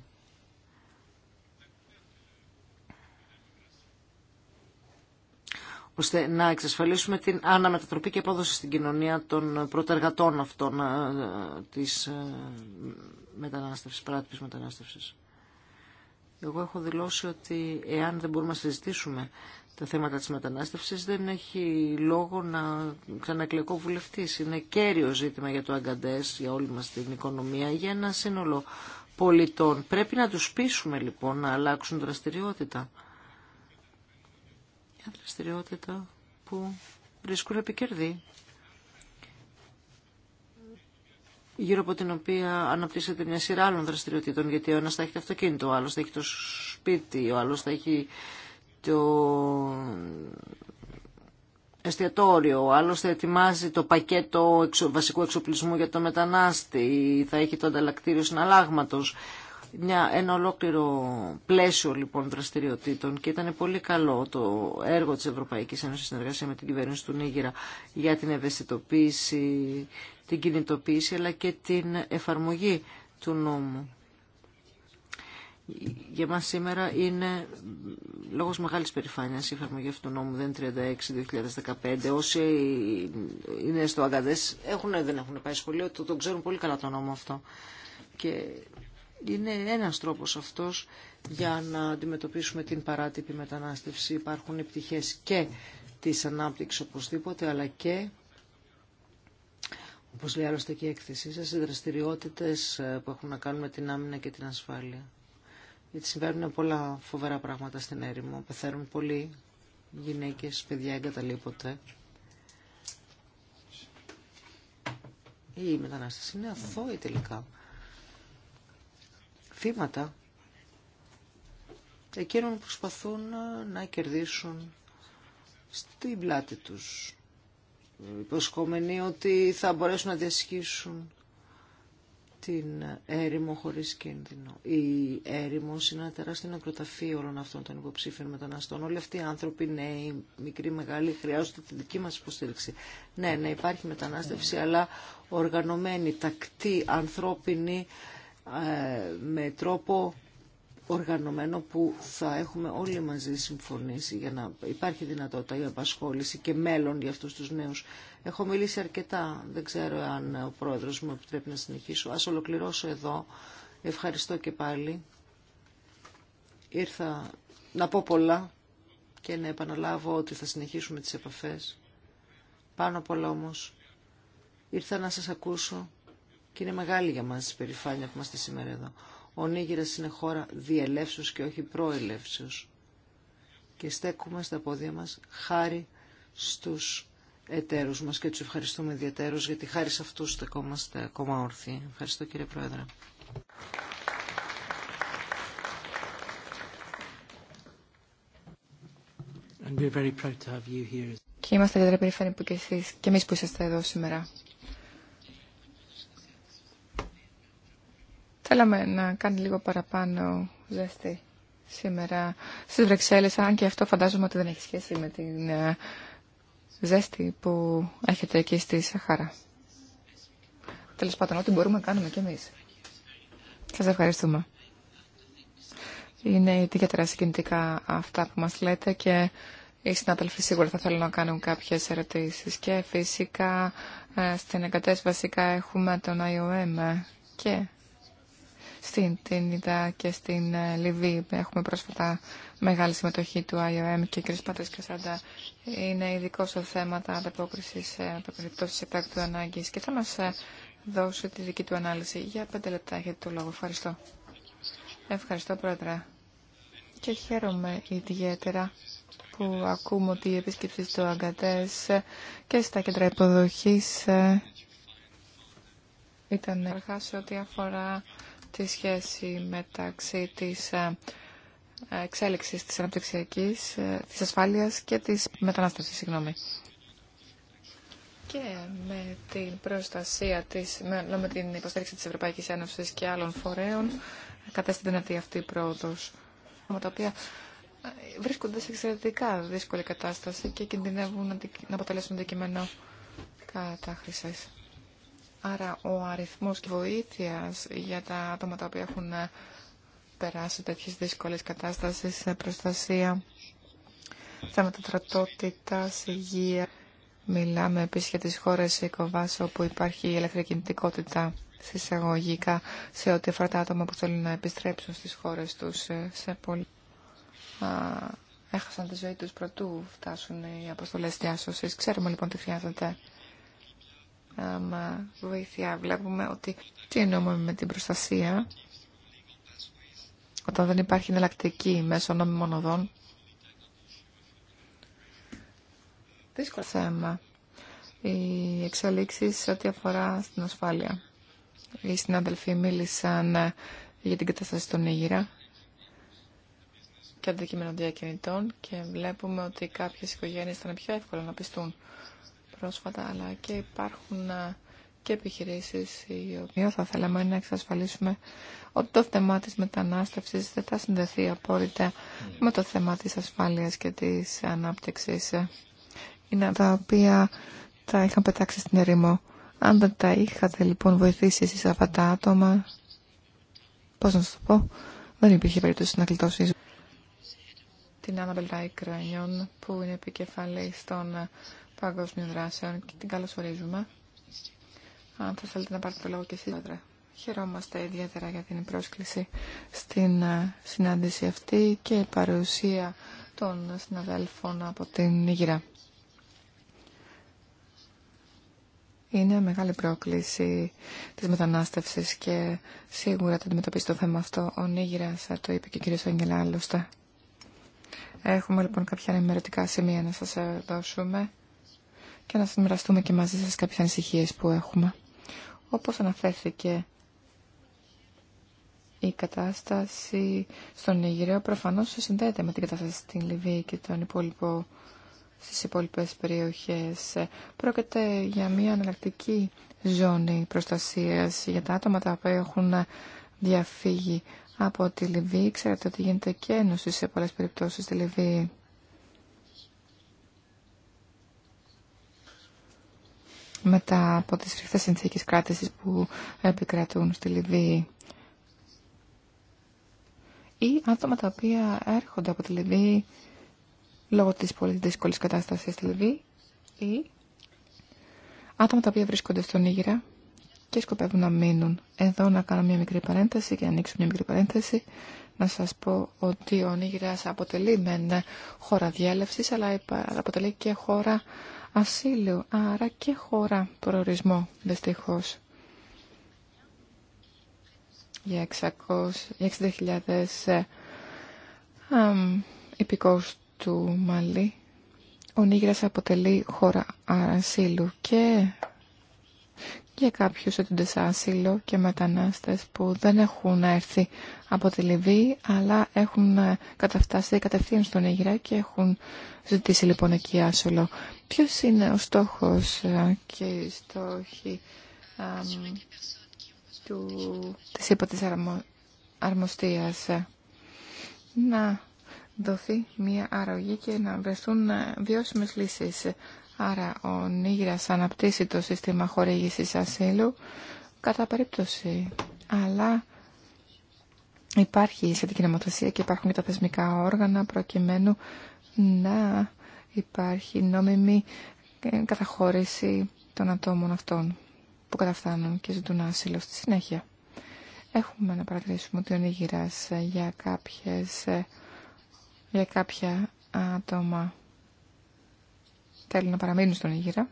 ώστε να εξασφαλίσουμε την αναμετατροπή και απόδοση στην κοινωνία των πρωτεργατών αυτών ε, της ε, μετανάστευσης, παράτυπης μετανάστευσης. Εγώ έχω δηλώσει ότι εάν δεν μπορούμε να συζητήσουμε τα θέματα της μετανάστευσης δεν έχει λόγο να ξανακλεκώ βουλευτής. Είναι κέριο ζήτημα για το Αγκαντές, για όλη μας την οικονομία, για ένα σύνολο πολιτών. Πρέπει να τους πείσουμε λοιπόν να αλλάξουν δραστηριότητα. Μια δραστηριότητα που βρίσκουν επικερδή γύρω από την οποία αναπτύσσεται μια σειρά άλλων δραστηριοτήτων, γιατί ο ένας θα έχει το αυτοκίνητο, ο άλλος θα έχει το σπίτι, ο άλλος θα έχει το εστιατόριο, άλλος θα ετοιμάζει το πακέτο βασικού εξοπλισμού για το μετανάστη, θα έχει το ανταλλακτήριο συναλλάγματος. Μια, ένα ολόκληρο πλαίσιο λοιπόν δραστηριοτήτων και ήταν πολύ καλό το έργο της Ευρωπαϊκής Ένωσης συνεργασία με την κυβέρνηση του Νίγηρα για την ευαισθητοποίηση, την κινητοποίηση αλλά και την εφαρμογή του νόμου για μας σήμερα είναι λόγος μεγάλης περηφάνειας η εφαρμογή αυτού του νόμου δεν 36-2015 όσοι είναι στο Αγκαδές έχουν, δεν έχουν πάει σχολείο το, το ξέρουν πολύ καλά το νόμο αυτό και είναι ένας τρόπος αυτός για να αντιμετωπίσουμε την παράτυπη μετανάστευση υπάρχουν επιτυχές και της ανάπτυξης οπωσδήποτε αλλά και όπως λέει άλλωστε και η έκθεσή σας, οι δραστηριότητες ε, που έχουν να κάνουν με την άμυνα και την ασφάλεια. Γιατί συμβαίνουν πολλά φοβερά πράγματα στην έρημο. Πεθαίνουν πολλοί γυναίκες, παιδιά εγκαταλείπονται. Η μετανάστες είναι αθώοι τελικά. Θύματα εκείνων που προσπαθούν να κερδίσουν στην πλάτη τους υποσχόμενοι ότι θα μπορέσουν να διασχίσουν την έρημο χωρίς κίνδυνο. Η έρημος είναι ένα τεράστιο νεκροταφείο όλων αυτών των υποψήφιων μεταναστών. Όλοι αυτοί οι άνθρωποι, νέοι, μικροί, μεγάλοι, χρειάζονται τη δική μας υποστήριξη. Ναι, ναι, υπάρχει μετανάστευση, αλλά οργανωμένη, τακτή, ανθρώπινη, ε, με τρόπο οργανωμένο που θα έχουμε όλοι μαζί συμφωνήσει για να υπάρχει δυνατότητα για απασχόληση και μέλλον για αυτούς τους νέους. Έχω μιλήσει αρκετά, δεν ξέρω αν ο πρόεδρος μου επιτρέπει να συνεχίσω. Ας ολοκληρώσω εδώ. Ευχαριστώ και πάλι. Ήρθα να πω πολλά και να επαναλάβω ότι θα συνεχίσουμε τις επαφές. Πάνω απ' όλα όμως ήρθα να σας ακούσω και είναι μεγάλη για μας η περηφάνεια που είμαστε σήμερα εδώ ο Νίγηρας είναι χώρα διελεύσεως και όχι προελεύσεως. Και στέκουμε στα πόδια μας χάρη στους εταίρους μας και τους ευχαριστούμε ιδιαίτερως γιατί χάρη σε αυτούς στεκόμαστε ακόμα όρθιοι. Ευχαριστώ κύριε Πρόεδρε. Και είμαστε ιδιαίτερα περήφανοι που και εσείς και εμείς που είσαστε εδώ σήμερα. Θέλαμε να κάνει λίγο παραπάνω ζέστη σήμερα στις Βρεξέλλες, αν και αυτό φαντάζομαι ότι δεν έχει σχέση με την ε, ζέστη που έχετε εκεί στη Σαχάρα. Τέλο πάντων, ό,τι μπορούμε να κάνουμε κι εμείς. Σας ευχαριστούμε. Είναι ιδιαίτερα συγκινητικά αυτά που μας λέτε και οι συνάδελφοι σίγουρα θα θέλουν να κάνουν κάποιες ερωτήσεις. Και φυσικά ε, στην εγκατέσβαση έχουμε τον IOM και στην Τινιδά και στην ε, Λιβύη. Έχουμε πρόσφατα μεγάλη συμμετοχή του IOM και κ. Πατρίς Κασάντα είναι ειδικό σε θέματα ανταπόκρισης ε, από περιπτώσεις εκτάκτου ανάγκης και θα μας ε, δώσει τη δική του ανάλυση. Για πέντε λεπτά έχετε το λόγο. Ευχαριστώ. Ευχαριστώ, Πρόεδρε. Και χαίρομαι ιδιαίτερα που ακούμε ότι η επίσκεψη στο Αγκατές και στα κέντρα υποδοχής ήταν αρχά σε ό,τι αφορά τη σχέση μεταξύ της ε, εξέλιξης της αναπτυξιακής, ε, της ασφάλειας και της μετανάστευσης, συγγνώμη. Και με την προστασία της, με, την υποστήριξη της Ευρωπαϊκής Ένωσης και άλλων φορέων, κατέστη δυνατή αυτή η πρόοδος, με τα οποία ε, βρίσκονται σε εξαιρετικά δύσκολη κατάσταση και κινδυνεύουν να αποτελέσουν αντικείμενο κατάχρησης. Άρα ο αριθμός και βοήθειας για τα άτομα τα οποία έχουν ε, περάσει τέτοιες δύσκολες κατάστασεις σε προστασία, θέματα τρατότητας, υγεία. Μιλάμε επίσης για τις χώρες οικοβάς όπου υπάρχει η ηλεκτροκινητικότητα συσταγωγικά, σε ό,τι αφορά τα άτομα που θέλουν να επιστρέψουν στις χώρες τους ε, σε πολύ... Έχασαν τη ζωή τους πρωτού φτάσουν οι αποστολές διάσωσης. Ξέρουμε λοιπόν τι χρειάζεται μα βοηθειά. Βλέπουμε ότι τι εννοούμε με την προστασία όταν δεν υπάρχει εναλλακτική μέσω νόμιμων οδών. Δύσκολο θέμα. Οι εξελίξεις ό,τι αφορά στην ασφάλεια. Οι συνάδελφοι μίλησαν ε, για την κατάσταση στον Ήγηρα και αντικείμενο διακινητών και βλέπουμε ότι κάποιες οικογένειες ήταν πιο εύκολο να πιστούν πρόσφατα, αλλά και υπάρχουν ε, και επιχειρήσεις οι οποίες θα θέλαμε να εξασφαλίσουμε ότι το θέμα της μετανάστευσης δεν θα συνδεθεί απόρριτα ναι. με το θέμα της ασφάλειας και της ανάπτυξης. Ε. Είναι τα οποία τα είχαν πετάξει στην ερημό. Αν δεν τα είχατε λοιπόν βοηθήσει εσείς αυτά τα άτομα, πώς να σα το πω, δεν υπήρχε περίπτωση να κλειτώσεις την Άννα που είναι επικεφαλής των παγκόσμιων δράσεων και την καλωσορίζουμε. Αν θα θέλετε να πάρετε το λόγο και εσείς, Πάτρα. Χαιρόμαστε ιδιαίτερα για την πρόσκληση στην ε, συνάντηση αυτή και η παρουσία των συναδέλφων από την Ήγυρα. Είναι μεγάλη πρόκληση της μετανάστευσης και σίγουρα το αντιμετωπίσει το θέμα αυτό ο Νίγηρας, ε, το είπε και ο κ. Αγγελά άλλωστε. Έχουμε λοιπόν κάποια ενημερωτικά σημεία να σας ε, δώσουμε και να σας και μαζί σας κάποιες ανησυχίες που έχουμε. Όπως αναφέρθηκε η κατάσταση στον Ιγυραίο προφανώς συνδέεται με την κατάσταση στην Λιβύη και τον υπόλοιπο στις υπόλοιπες περιοχές. Πρόκειται για μια αναλλακτική ζώνη προστασίας για τα άτομα τα οποία έχουν διαφύγει από τη Λιβύη. Ξέρετε ότι γίνεται και ένωση σε πολλές περιπτώσεις στη Λιβύη. μετά από τις φρικτές συνθήκες κράτησης που επικρατούν στη Λιβύη. Ή άτομα τα οποία έρχονται από τη Λιβύη λόγω της πολύ δύσκολης κατάστασης στη Λιβύη ή άτομα τα οποία βρίσκονται στον Ήγηρα και σκοπεύουν να μείνουν. Εδώ να κάνω μια μικρή παρένθεση και να ανοίξω μια μικρή παρένθεση να σας πω ότι ο Νίγηρας αποτελεί μεν χώρα διέλευσης αλλά αποτελεί και χώρα ασύλιο, άρα και χώρα προορισμό, δυστυχώ. Για, 600, 60.000 υπηκός του Μαλή, ο Νίγρας αποτελεί χώρα ασύλου και για κάποιους έτοντες άσυλο και μετανάστες που δεν έχουν έρθει από τη Λιβύη αλλά έχουν ε, καταφτάσει κατευθείαν στον Ήγηρα και έχουν ζητήσει λοιπόν εκεί άσυλο. Ποιος είναι ο στόχος ε, και η στόχη α, του, της ύπατης αρμοστίας ε? να δοθεί μία αρρωγή και να βρεθούν ε, βιώσιμες λύσεις. Άρα ο Νίγηρας αναπτύσσει το σύστημα χορήγησης ασύλου κατά περίπτωση. Αλλά υπάρχει η σχετική νομοθεσία και υπάρχουν και τα θεσμικά όργανα προκειμένου να υπάρχει νόμιμη ε, καταχώρηση των ατόμων αυτών που καταφθάνουν και ζητούν άσυλο στη συνέχεια. Έχουμε να παρατηρήσουμε ότι ο Νίγηρας ε, για κάποιες για ε, κάποια άτομα θέλουν να παραμείνουν στον ήγυρα.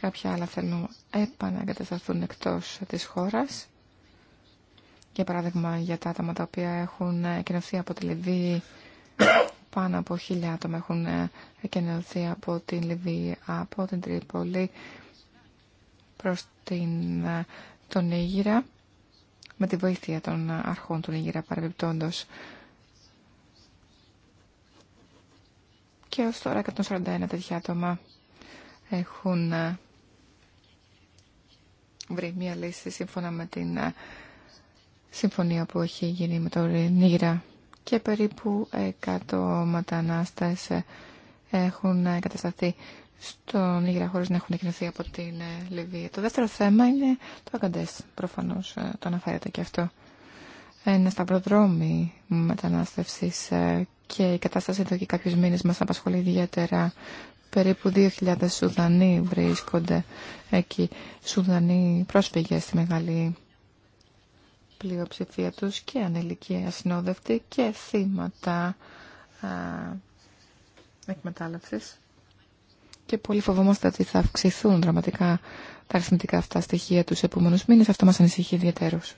κάποια άλλα θέλουν να επαναγκατασταθούν εκτός της χώρας. Για παράδειγμα, για τα άτομα τα οποία έχουν εκενωθεί από τη Λιβύη, πάνω από χίλια άτομα έχουν εκενωθεί από τη Λιβύη, από την Τρίπολη προς την, τον ήγυρα με τη βοήθεια των αρχών του ήγυρα παρεμπιπτόντος. και ως τώρα 141 τέτοια άτομα έχουν ε, βρει μία λύση σύμφωνα με την ε, συμφωνία που έχει γίνει με το Νίγρα και περίπου 100 μετανάστες ε, έχουν εγκατασταθεί στον Νίγρα χωρίς να έχουν εκκληθεί από την Λιβύη. Το δεύτερο θέμα είναι το Αγκαντές, προφανώς το αναφέρεται και αυτό ένα σταυροδρόμι μετανάστευση ε, και η κατάσταση εδώ και κάποιου μήνες μας απασχολεί ιδιαίτερα. Περίπου 2.000 Σουδανοί βρίσκονται εκεί. Σουδανοί πρόσφυγε στη μεγάλη πλειοψηφία τους και ανελικοί ασυνόδευτοι και θύματα α, εκμετάλλευσης. Και πολύ φοβόμαστε ότι θα αυξηθούν δραματικά τα αριθμητικά αυτά στοιχεία τους επόμενους μήνες. Αυτό μας ανησυχεί ιδιαίτερως.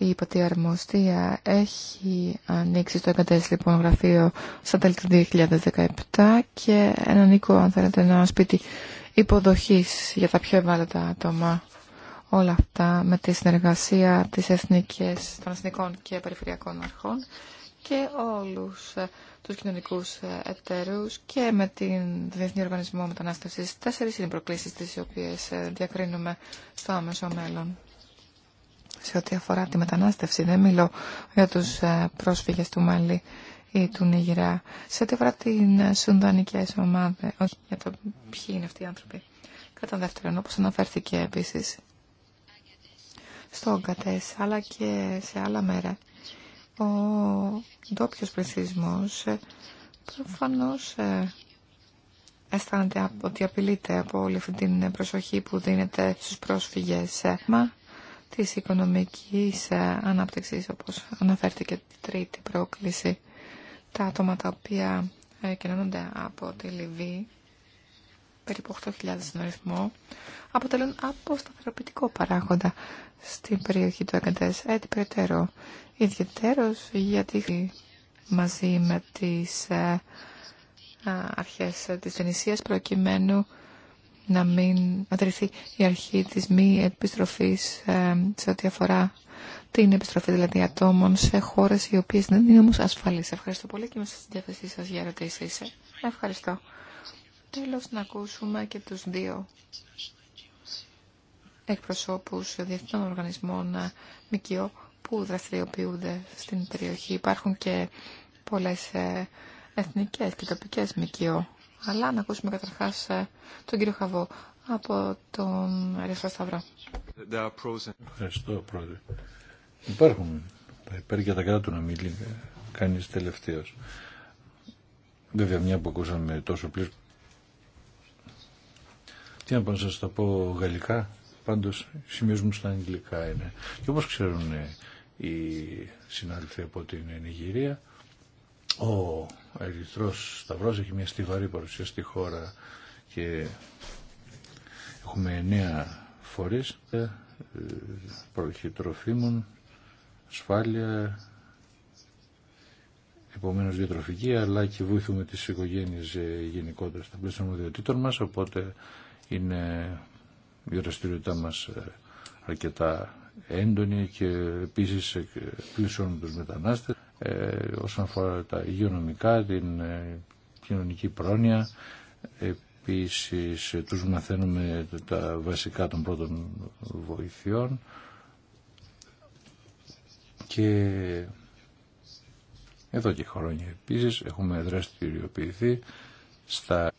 Η Πατιαρμοστία έχει ανοίξει στο εγκατές λοιπόν γραφείο στα τέλη του 2017 και ένα οίκο αν θέλετε ένα σπίτι υποδοχής για τα πιο ευάλωτα άτομα. Όλα αυτά με τη συνεργασία της εθνικής, των εθνικών και περιφερειακών αρχών και όλους τους κοινωνικούς εταίρους και με την Διεθνή Οργανισμό Μετανάστευσης. Τέσσερις είναι οι προκλήσεις τις οποίες διακρίνουμε στο άμεσο μέλλον σε ό,τι αφορά τη μετανάστευση. Δεν μιλώ για τους ε, πρόσφυγες του Μαλή ή του Νιγηρά. Σε ό,τι αφορά την ε, Σουντανική ομάδα, όχι για το ποιοι είναι αυτοί οι άνθρωποι. Κατά δεύτερον, όπως αναφέρθηκε επίσης, στο Κατές, αλλά και σε άλλα μέρα, ο ντόπιο πληθυσμός ε, προφανώς αισθάνεται ότι απειλείται από όλη αυτή την προσοχή που δίνεται στους πρόσφυγες. Μα της οικονομικής ε, ανάπτυξης, όπως αναφέρθηκε τρίτη πρόκληση. Τα άτομα τα οποία κοινωνούνται από τη Λιβύη, περίπου 8.000 στον αριθμό, αποτελούν αποσταθεροποιητικό παράγοντα στην περιοχή του Αγκαντές, έτσι ε, περαιτέρω. Ιδιαιτέρως γιατί μαζί με τις ε, αρχές της Βενησίας προκειμένου να μην ματρηθεί η αρχή της μη επιστροφής ε, σε ό,τι αφορά την επιστροφή δηλαδή ατόμων σε χώρες οι οποίες δεν είναι όμως ασφαλείς. Ευχαριστώ πολύ και είμαστε στην διάθεσή σας για ερωτήσεις. Ε. Ευχαριστώ. Τέλος να ακούσουμε και τους δύο εκπροσώπους διεθνών οργανισμών ε, ΜΚΟ που δραστηριοποιούνται στην περιοχή. Υπάρχουν και πολλές εθνικές και τοπικές ΜΚΟ αλλά να ακούσουμε καταρχάς ε, τον κύριο Χαβό από τον Ερυθρό Σταυρά. Ευχαριστώ, Πρόεδρε. Υπάρχουν τα υπέρ και τα κατά του να μην κανείς τελευταίος. Βέβαια, μια που ακούσαμε τόσο πλήρω. Τι να πω να σας τα πω γαλλικά, πάντως σημειώσουμε στα αγγλικά είναι. Και όπως ξέρουν οι συνάδελφοι από την Νιγηρία, ο ο Ερυθρός Σταυρός έχει μια στιβαρή παρουσία στη χώρα και έχουμε εννέα φορείς ε, προχη τροφίμων, ασφάλεια, επομένως διατροφική, αλλά και βοηθούμε τις οικογένειες ε, γενικότερα στα πλαίσια των μας, οπότε είναι η δραστηριότητά μας ε, αρκετά έντονη και επίσης πλησιώνουμε τους μετανάστες ε, όσον αφορά τα υγειονομικά, την ε, κοινωνική πρόνοια, επίσης ε, τους μαθαίνουμε τα βασικά των πρώτων βοηθειών και εδώ και χρόνια επίσης έχουμε δραστηριοποιηθεί στα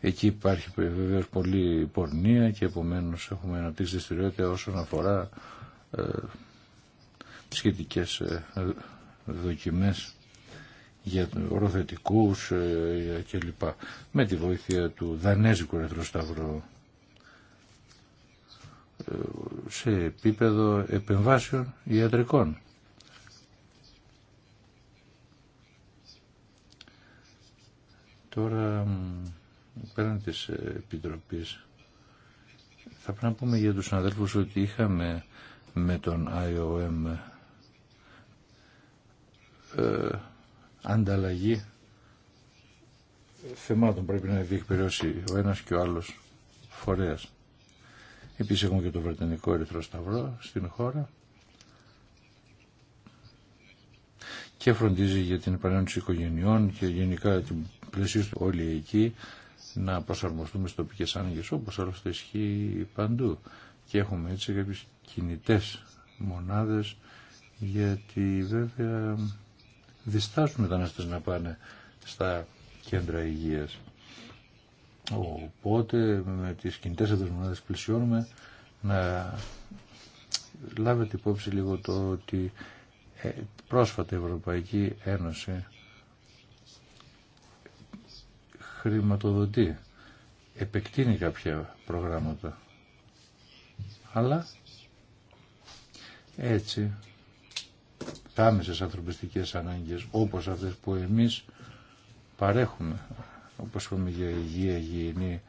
Εκεί υπάρχει βεβαίω πολλή πορνεία και επομένως έχουμε αναπτύξει δραστηριότητα όσον αφορά σχετικές ε, δοκιμές για οροθετικούς ε, κλπ. Με τη βοήθεια του Δανέζικου Ρεθροσταυρού ε, σε επίπεδο επεμβάσεων ιατρικών. Τώρα πέραν της Επιτροπής θα πρέπει να πούμε για τους αδέλφους ότι είχαμε με τον IOM ε, ανταλλαγή θεμάτων πρέπει να διεκπαιρεώσει ο ένας και ο άλλος φορέας. Επίσης έχουμε και το Βρετανικό Ερυθρό Σταυρό στην χώρα και φροντίζει για την επανένωση οικογενειών και γενικά την πλαισίωση όλοι εκεί να προσαρμοστούμε στις τοπικές άνοιγες όπως άλλωστε ισχύει παντού και έχουμε έτσι κάποιες κινητές μονάδες γιατί βέβαια διστάσουν μετανάστες να πάνε στα κέντρα υγείας. Οπότε με τις κινητές μονάδες πλησιώνουμε να λάβετε υπόψη λίγο το ότι ε, πρόσφατα η Ευρωπαϊκή Ένωση χρηματοδοτεί, επεκτείνει κάποια προγράμματα. Αλλά έτσι τις άμεσες ανθρωπιστικές ανάγκες όπως αυτές που εμείς παρέχουμε όπως είπαμε για υγεία, υγιεινή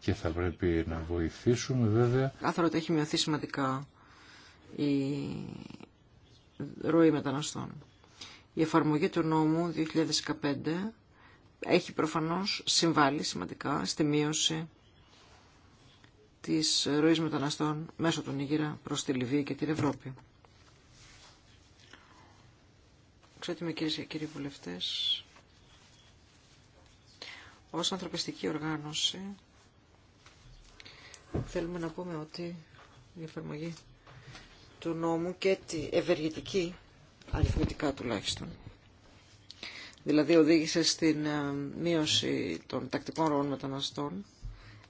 και θα πρέπει να βοηθήσουμε βέβαια. Κάθαρο ότι έχει μειωθεί σημαντικά η ροή μεταναστών. Η εφαρμογή του νόμου 2015 έχει προφανώς συμβάλει σημαντικά στη μείωση της ροής μεταναστών μέσω των ήγερα προς τη Λιβύη και την Ευρώπη. Ξέρετε κύριε και κύριοι βουλευτές, ως ανθρωπιστική οργάνωση θέλουμε να πούμε ότι η εφαρμογή του νόμου και τη ευεργετική αριθμητικά τουλάχιστον. Δηλαδή οδήγησε στην ε, μείωση των τακτικών ροών μεταναστών.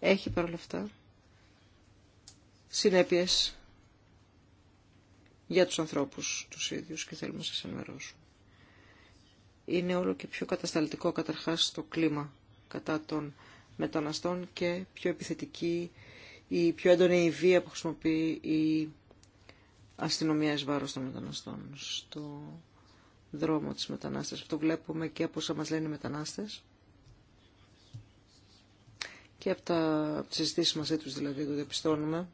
Έχει παρόλα αυτά συνέπειες για τους ανθρώπους τους ίδιους και θέλουμε να σας ενημερώσουμε είναι όλο και πιο κατασταλτικό καταρχάς το κλίμα κατά των μεταναστών και πιο επιθετική η πιο έντονη η βία που χρησιμοποιεί η αστυνομία εις βάρος των μεταναστών στο δρόμο της μετανάστες. Αυτό βλέπουμε και από όσα μας λένε οι μετανάστες και από, τα, συζητήσεις μαζί τους δηλαδή το διαπιστώνουμε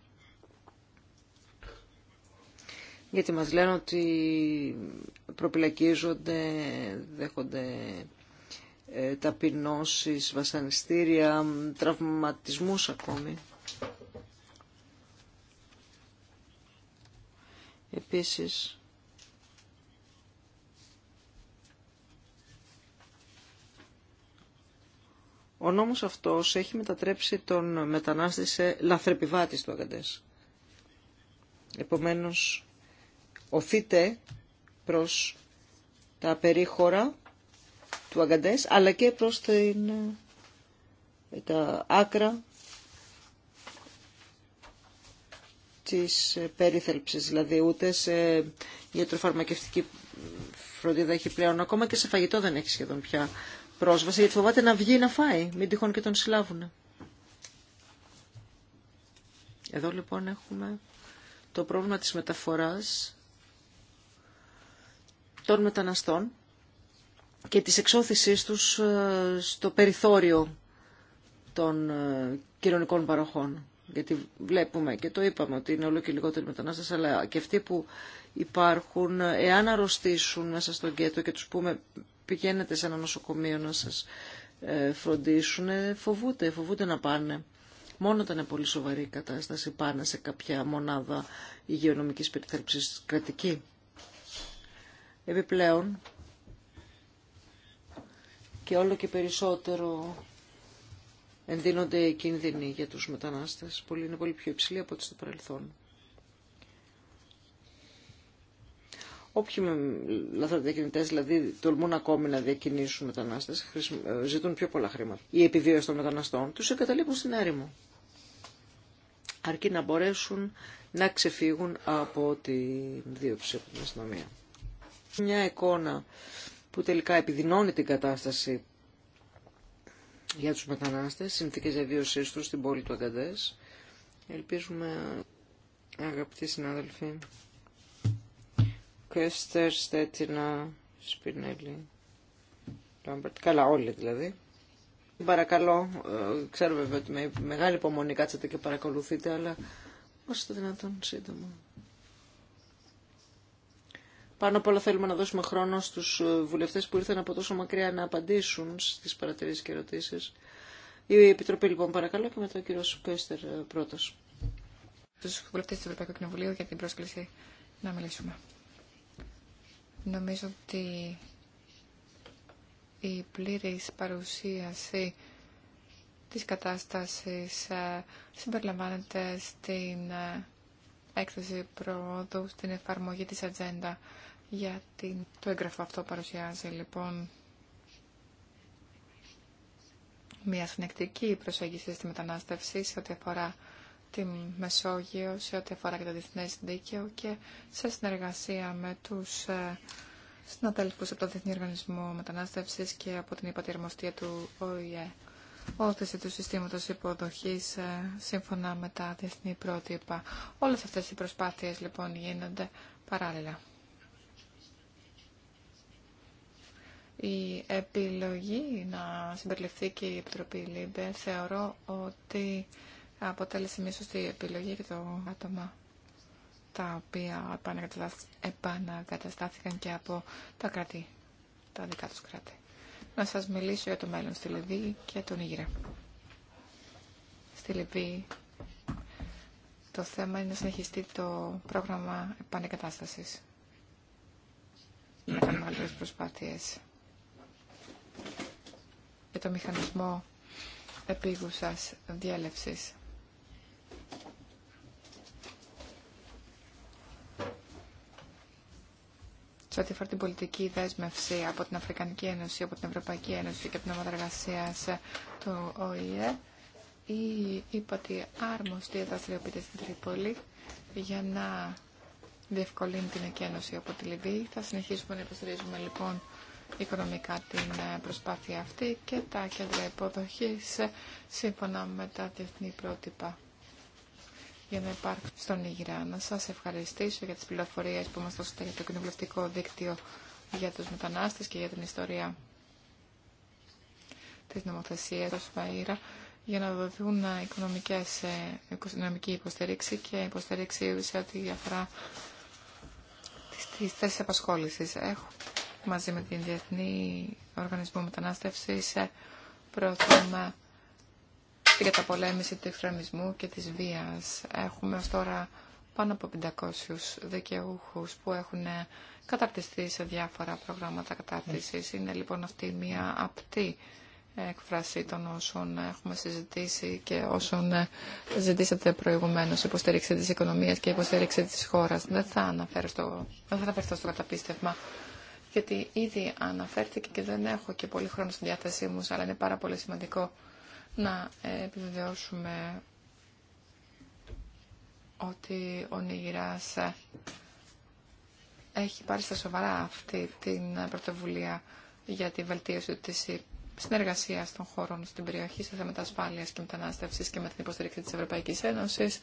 γιατί μας λένε ότι προπυλακίζονται, δέχονται ε, ταπεινώσεις, βασανιστήρια, τραυματισμούς ακόμη. Επίσης, ο νόμος αυτός έχει μετατρέψει τον μετανάστη σε λαθρεπιβάτη του Αγκαντές. Επομένως, οθείται προς τα περίχωρα του Αγκαντές, αλλά και προς την, ε, τα άκρα της ε, περίθελψης, δηλαδή ούτε σε ιατροφαρμακευτική φροντίδα έχει πλέον, ακόμα και σε φαγητό δεν έχει σχεδόν πια πρόσβαση, γιατί φοβάται να βγει να φάει, μην τυχόν και τον συλλάβουν. Εδώ λοιπόν έχουμε το πρόβλημα της μεταφοράς των μεταναστών και της εξώθησής τους ε, στο περιθώριο των ε, κοινωνικών παροχών. Γιατί βλέπουμε και το είπαμε ότι είναι όλο και λιγότερο μετανάστες, αλλά και αυτοί που υπάρχουν, ε, εάν αρρωστήσουν μέσα στον κέτο και τους πούμε πηγαίνετε σε ένα νοσοκομείο να σας φροντίσουν, φοβούνται, φοβούνται να πάνε. Μόνο όταν είναι πολύ σοβαρή η κατάσταση πάνε σε κάποια μονάδα υγειονομικής περιθέρψης κρατική. Επιπλέον και όλο και περισσότερο ενδύνονται οι κίνδυνοι για τους μετανάστες. Πολύ είναι πολύ πιο υψηλοί από ό,τι στο παρελθόν. Όποιοι λαθροδιακινητές, δηλαδή τολμούν ακόμη να διακινήσουν μετανάστε, ε, ζητούν πιο πολλά χρήματα. Η επιβίωση των μεταναστών τους εγκαταλείπουν στην έρημο. Αρκεί να μπορέσουν να ξεφύγουν από τη δίωξη από την αστυνομία. Μια εικόνα που τελικά επιδεινώνει την κατάσταση για τους μετανάστες, συνθήκες διαβίωσής τους στην πόλη του Αγκαντές. Ελπίζουμε, αγαπητοί συνάδελφοι, Κέστερ, Στέτινα, Σπινέλη, Λάμπερτ, καλά όλοι δηλαδή. Παρακαλώ, ε, ξέρω βέβαια ότι με μεγάλη υπομονή κάτσατε και παρακολουθείτε, αλλά όσο το δυνατόν σύντομα. Πάνω απ' όλα θέλουμε να δώσουμε χρόνο στους ε, βουλευτές που ήρθαν από τόσο μακριά να απαντήσουν στις παρατηρήσεις και ερωτήσεις. Η Επιτροπή λοιπόν παρακαλώ και μετά ο κύριο Πέστερ ε, πρώτος. Τους βουλευτές του Ευρωπαϊκού Κοινοβουλίου για την πρόσκληση να μιλήσουμε. Νομίζω ότι η πλήρης παρουσίαση της κατάστασης ε, συμπεριλαμβάνεται στην έκθεση προόδου στην εφαρμογή της ατζέντα για το έγγραφο αυτό παρουσιάζει λοιπόν μια συνεκτική προσέγγιση στη μετανάστευση σε ό,τι αφορά τη Μεσόγειο, σε ό,τι αφορά και το διεθνές δίκαιο και σε συνεργασία με τους ε, συναδέλφους από το Διεθνή Οργανισμό Μετανάστευσης και από την υπατηρμοστία του ΟΗΕ όθηση του συστήματος υποδοχής ε, σύμφωνα με τα διεθνή πρότυπα. Όλες αυτές οι προσπάθειες λοιπόν γίνονται παράλληλα. Η επιλογή να συμπεριληφθεί και η Επιτροπή ΛΥΜΠΕ θεωρώ ότι αποτέλεσε μια σωστή επιλογή για το άτομα τα οποία επανακαταστάθηκαν και από τα κράτη, τα δικά τους κράτη να σας μιλήσω για το μέλλον στη Λιβύη και τον Ήγηρα. Στη Λιβύη το θέμα είναι να συνεχιστεί το πρόγραμμα επανεκατάστασης. με κάνουμε μεγαλύτερες προσπάθειες για το μηχανισμό επίγουσας διέλευσης. σε ό,τι αφορά την πολιτική δέσμευση από την Αφρικανική Ένωση, από την Ευρωπαϊκή Ένωση και από την Ομάδα Εργασία του ΟΗΕ, η ύπατη άρμοστη δραστηριοποιείται στην Τρίπολη για να διευκολύνει την εκένωση από τη Λιβύη. Θα συνεχίσουμε να υποστηρίζουμε λοιπόν οικονομικά την ε, προσπάθεια αυτή και τα κέντρα υποδοχής ε, σύμφωνα με τα διεθνή πρότυπα για να υπάρξουν στον Ήγηρα. Να σας ευχαριστήσω για τις πληροφορίες που μας δώσατε για το κοινοβουλευτικό δίκτυο για τους μετανάστες και για την ιστορία της νομοθεσίας του ΣΠΑΙΡΑ για να δοθούν οικονομικές, ε, οικονομική υποστήριξη και υποστήριξη σε ό,τι αφορά τις θέσεις απασχόλησης. Έχω μαζί με την Διεθνή Οργανισμό Μετανάστευσης ε, προωθούμε την καταπολέμηση του εξτρεμισμού και της βίας. Έχουμε ως τώρα πάνω από 500 δικαιούχους που έχουν καταρτιστεί σε διάφορα προγράμματα κατάρτισης. Είναι λοιπόν αυτή μια απτή έκφραση των όσων έχουμε συζητήσει και όσων ζητήσατε προηγουμένως υποστήριξη της οικονομίας και υποστήριξη της χώρας. Δεν θα, αναφέρω στο, δεν θα αναφερθώ στο καταπίστευμα γιατί ήδη αναφέρθηκε και δεν έχω και πολύ χρόνο στη διάθεσή μου, αλλά είναι πάρα πολύ σημαντικό να ε, επιβεβαιώσουμε ότι ο Νίγηρας ε, έχει πάρει στα σοβαρά αυτή την πρωτοβουλία για τη βελτίωση της συνεργασίας των χώρων στην περιοχή σε θέματα ασφάλεια και μετανάστευσης και με την υποστήριξη της Ευρωπαϊκής Ένωσης.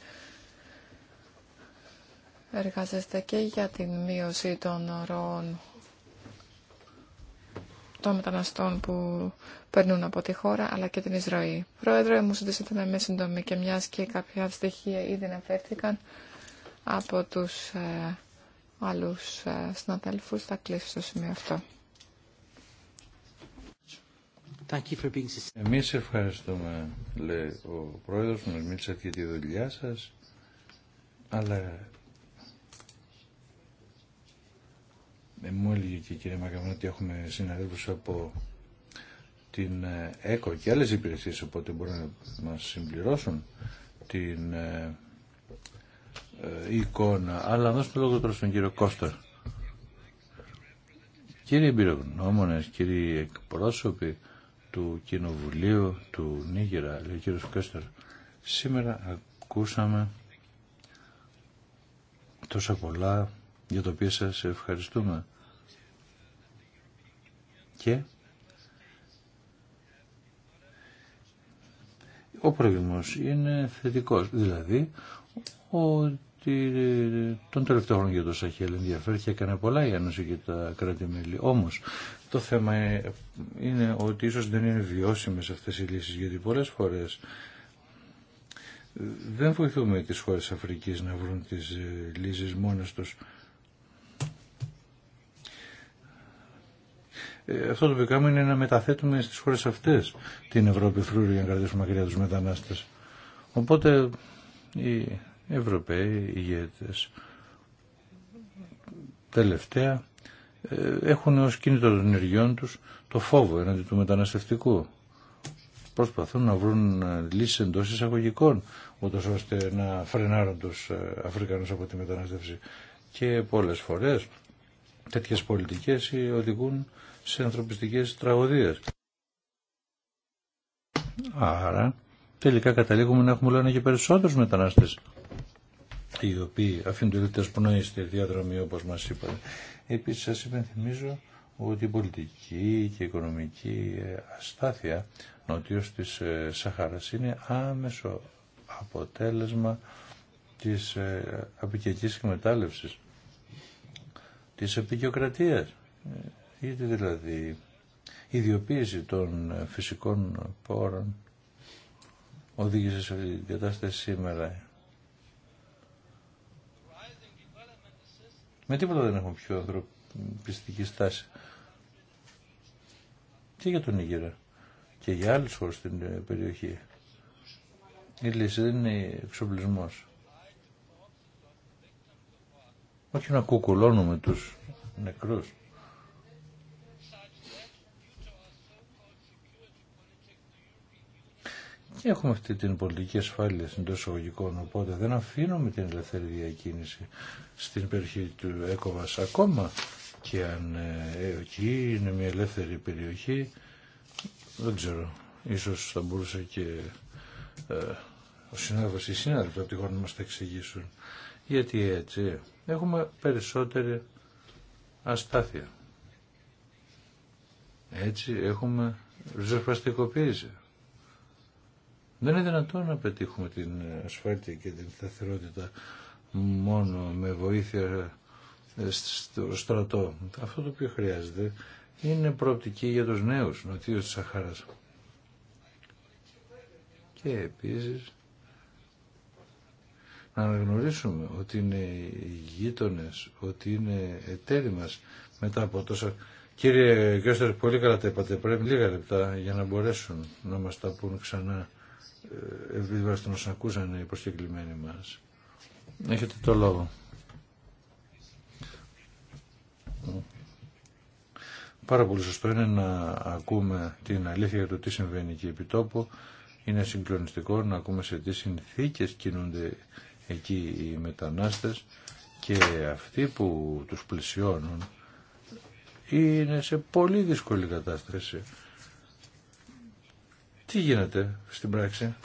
Εργάζεστε και για την μείωση των ροών των μεταναστών που περνούν από τη χώρα, αλλά και την εισρωή. Πρόεδρε, μου ζητήσατε να είμαι σύντομη και μια και κάποια στοιχεία ήδη αναφέρθηκαν από του ε, άλλου ε, συναδέλφου, Θα κλείσω στο σημείο αυτό. Εμεί ευχαριστούμε, λέει ο Πρόεδρος, να μίλησατε για τη δουλειά σας, αλλά Ε, μου έλεγε και η κυρία Μακαμένα ότι έχουμε συναδέλφους από την ε, ΕΚΟ και άλλες υπηρεσίες οπότε μπορούν να μας συμπληρώσουν την ε, εικόνα αλλά να δώσουμε λόγο τώρα στον κύριο Κώστα Κύριοι εμπειρογνώμονες, κύριοι εκπρόσωποι του Κοινοβουλίου του Νίγηρα, λέει ο κύριος Κώστερ, σήμερα ακούσαμε τόσα πολλά για το οποίο σας ευχαριστούμε και ο προηγούμενος είναι θετικός, δηλαδή ότι τον τελευταίο χρόνο για το Σαχέλ ενδιαφέρει και έκανε πολλά η Ένωση και τα κράτη-μέλη. Όμως το θέμα είναι ότι ίσως δεν είναι βιώσιμες αυτές οι λύσεις γιατί πολλές φορές δεν βοηθούμε τις χώρες Αφρικής να βρουν τις λύσεις μόνες τους. Ε, αυτό το οποίο κάνουμε είναι να μεταθέτουμε στις χώρες αυτές την Ευρώπη φρούριο για να κρατήσουμε μακριά τους μετανάστες. Οπότε οι Ευρωπαίοι ηγέτες τελευταία ε, έχουν ως κίνητο των ενεργειών τους το φόβο εναντί του μεταναστευτικού. Προσπαθούν να βρουν ε, λύσεις εντός εισαγωγικών, ούτως ώστε να φρενάρουν τους Αφρικανούς από τη μετανάστευση. Και πολλές φορές τέτοιες πολιτικές οδηγούν σε ανθρωπιστικές τραγωδίες. Άρα τελικά καταλήγουμε να έχουμε λένε και περισσότερους μετανάστες οι οποίοι αφήνουν πνοή στη διαδρομή όπως μας είπατε. Επίσης σας υπενθυμίζω ότι η πολιτική και η οικονομική αστάθεια νοτίως της ε, Σαχάρας είναι άμεσο αποτέλεσμα της ε, απικιακής εκμετάλλευσης, της επικιοκρατίας. Ε, Είτε δηλαδή η ιδιοποίηση των φυσικών πόρων οδήγησε σε αυτή την κατάσταση σήμερα. Με τίποτα δεν έχουμε πιο ανθρωπιστική στάση. Και για τον Ήγερα και για άλλους χώρους στην περιοχή. Η λύση δεν είναι εξοπλισμός. Όχι να κουκουλώνουμε τους νεκρούς. Έχουμε αυτή την πολιτική ασφάλεια εντό εισαγωγικών, οπότε δεν αφήνουμε την ελευθερή διακίνηση στην περιοχή του ΕΚΟΒΑΣ ακόμα και αν ε, εκεί είναι μια ελεύθερη περιοχή, δεν ξέρω, ίσως θα μπορούσε και ε, ο συνάδελφος ή συνάδελφοι από τη χώρα μας τα εξηγήσουν. Γιατί έτσι έχουμε περισσότερη αστάθεια. Έτσι έχουμε ριζοσπαστικοποίηση. Δεν είναι δυνατόν να πετύχουμε την ασφάλεια και την σταθερότητα μόνο με βοήθεια ε, στο στρατό. Αυτό το οποίο χρειάζεται είναι προοπτική για τους νέους νοτίους της Σαχάρας. Και επίσης να αναγνωρίσουμε ότι είναι γείτονε, ότι είναι εταίροι μας μετά από τόσα... Κύριε Κιώστερ, πολύ καλά τα είπατε, πρέπει λίγα λεπτά για να μπορέσουν να μας τα πούν ξανά ευθύς που των ακούσαν οι προσκεκλημένοι μας. Έχετε το λόγο. Πάρα πολύ σωστό είναι να ακούμε την αλήθεια για το τι συμβαίνει εκεί επί τόπου. Είναι συγκλονιστικό να ακούμε σε τι συνθήκες κινούνται εκεί οι μετανάστες και αυτοί που τους πλησιώνουν είναι σε πολύ δύσκολη κατάσταση. Τι γίνεται στην πράξη.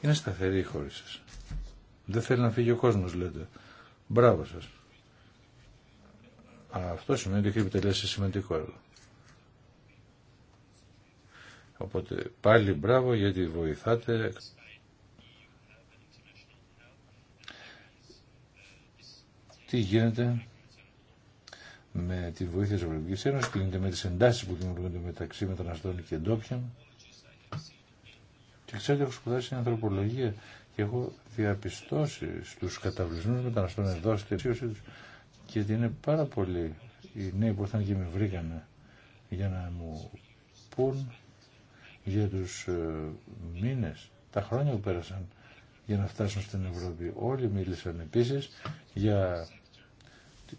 Είναι σταθερή η χώρη σας. Δεν θέλει να φύγει ο κόσμος λέτε. Μπράβο σας. Αυτό σημαίνει ότι έχει επιτελέσει σημαντικό έργο. Οπότε πάλι μπράβο γιατί βοηθάτε τι γίνεται με τη βοήθεια της Ευρωπαϊκής Ένωσης, κλείνεται με τις εντάσεις που δημιουργούνται μεταξύ μεταναστών και ντόπιων. Και ξέρετε, έχω σπουδάσει στην ανθρωπολογία και έχω διαπιστώσει στους καταβλισμού μεταναστών εδώ στην αξίωσή τους γιατί είναι πάρα πολλοί οι νέοι που ήρθαν και με βρήκανε για να μου πούν για τους ε, μήνες, τα χρόνια που πέρασαν για να φτάσουν στην Ευρώπη. Όλοι μίλησαν επίση για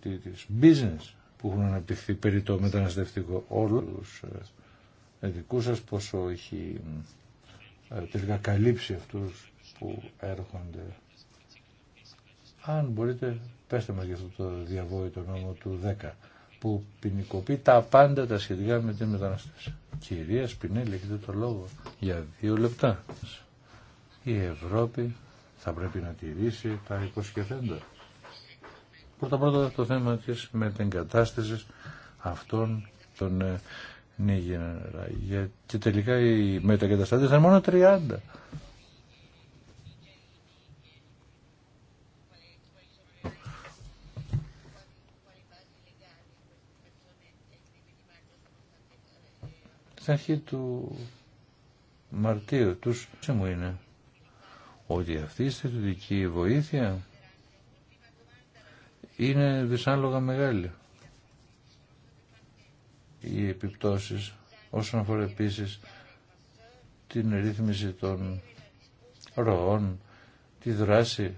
τις business που έχουν αναπτυχθεί περί το μεταναστευτικό όλους ε, δικού σα πόσο έχει ε, τελικά καλύψει αυτούς που έρχονται. Αν μπορείτε, πέστε μας για αυτό το διαβόητο νόμο του 10 που ποινικοποιεί τα πάντα τα σχετικά με την μετανάστευση. Κυρία Σπινέλη, έχετε το λόγο για δύο λεπτά. Η Ευρώπη θα πρέπει να τηρήσει τα υποσχεθέντα. Πρώτα πρώτα το θέμα της μετεγκατάστασης αυτών των ε, ναι, για... και τελικά οι μετακαταστάτες ήταν μόνο 30. Στην αρχή του Μαρτίου τους σε μου είναι ότι αυτή η στρατιωτική βοήθεια είναι δυσάλογα μεγάλη οι επιπτώσεις όσον αφορά επίσης την ρύθμιση των ροών, τη δράση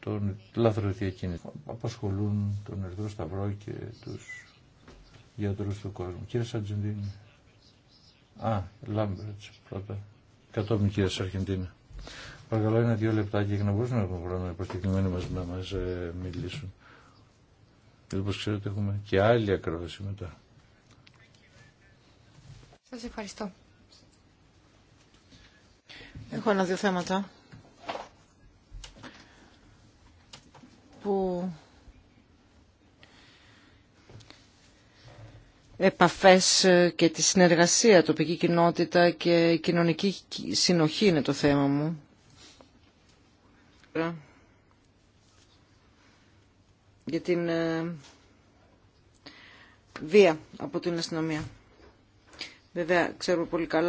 των λαθροδιακίνητων που απασχολούν τον Ερθρό Σταυρό και τους γιατρούς του κόσμου. Κύριε Σαρτζεντίνη. Α, Λάμπερτς πρώτα. Κατόπιν κύριε Σαρχεντίνη. Παρακαλώ ένα δύο λεπτά για να μπορούσαμε να έχουμε χρόνο οι προσκεκλημένοι μας να μας ε, μιλήσουν. όπως ξέρετε, έχουμε και άλλη ακρόαση μετά. Σας ευχαριστώ. Έχω ένα-δύο θέματα που επαφές ε, και τη συνεργασία, τοπική κοινότητα και κοινωνική συνοχή είναι το θέμα μου. Ε, για την ε, βία από την αστυνομία. Βέβαια, ξέρουμε πολύ καλά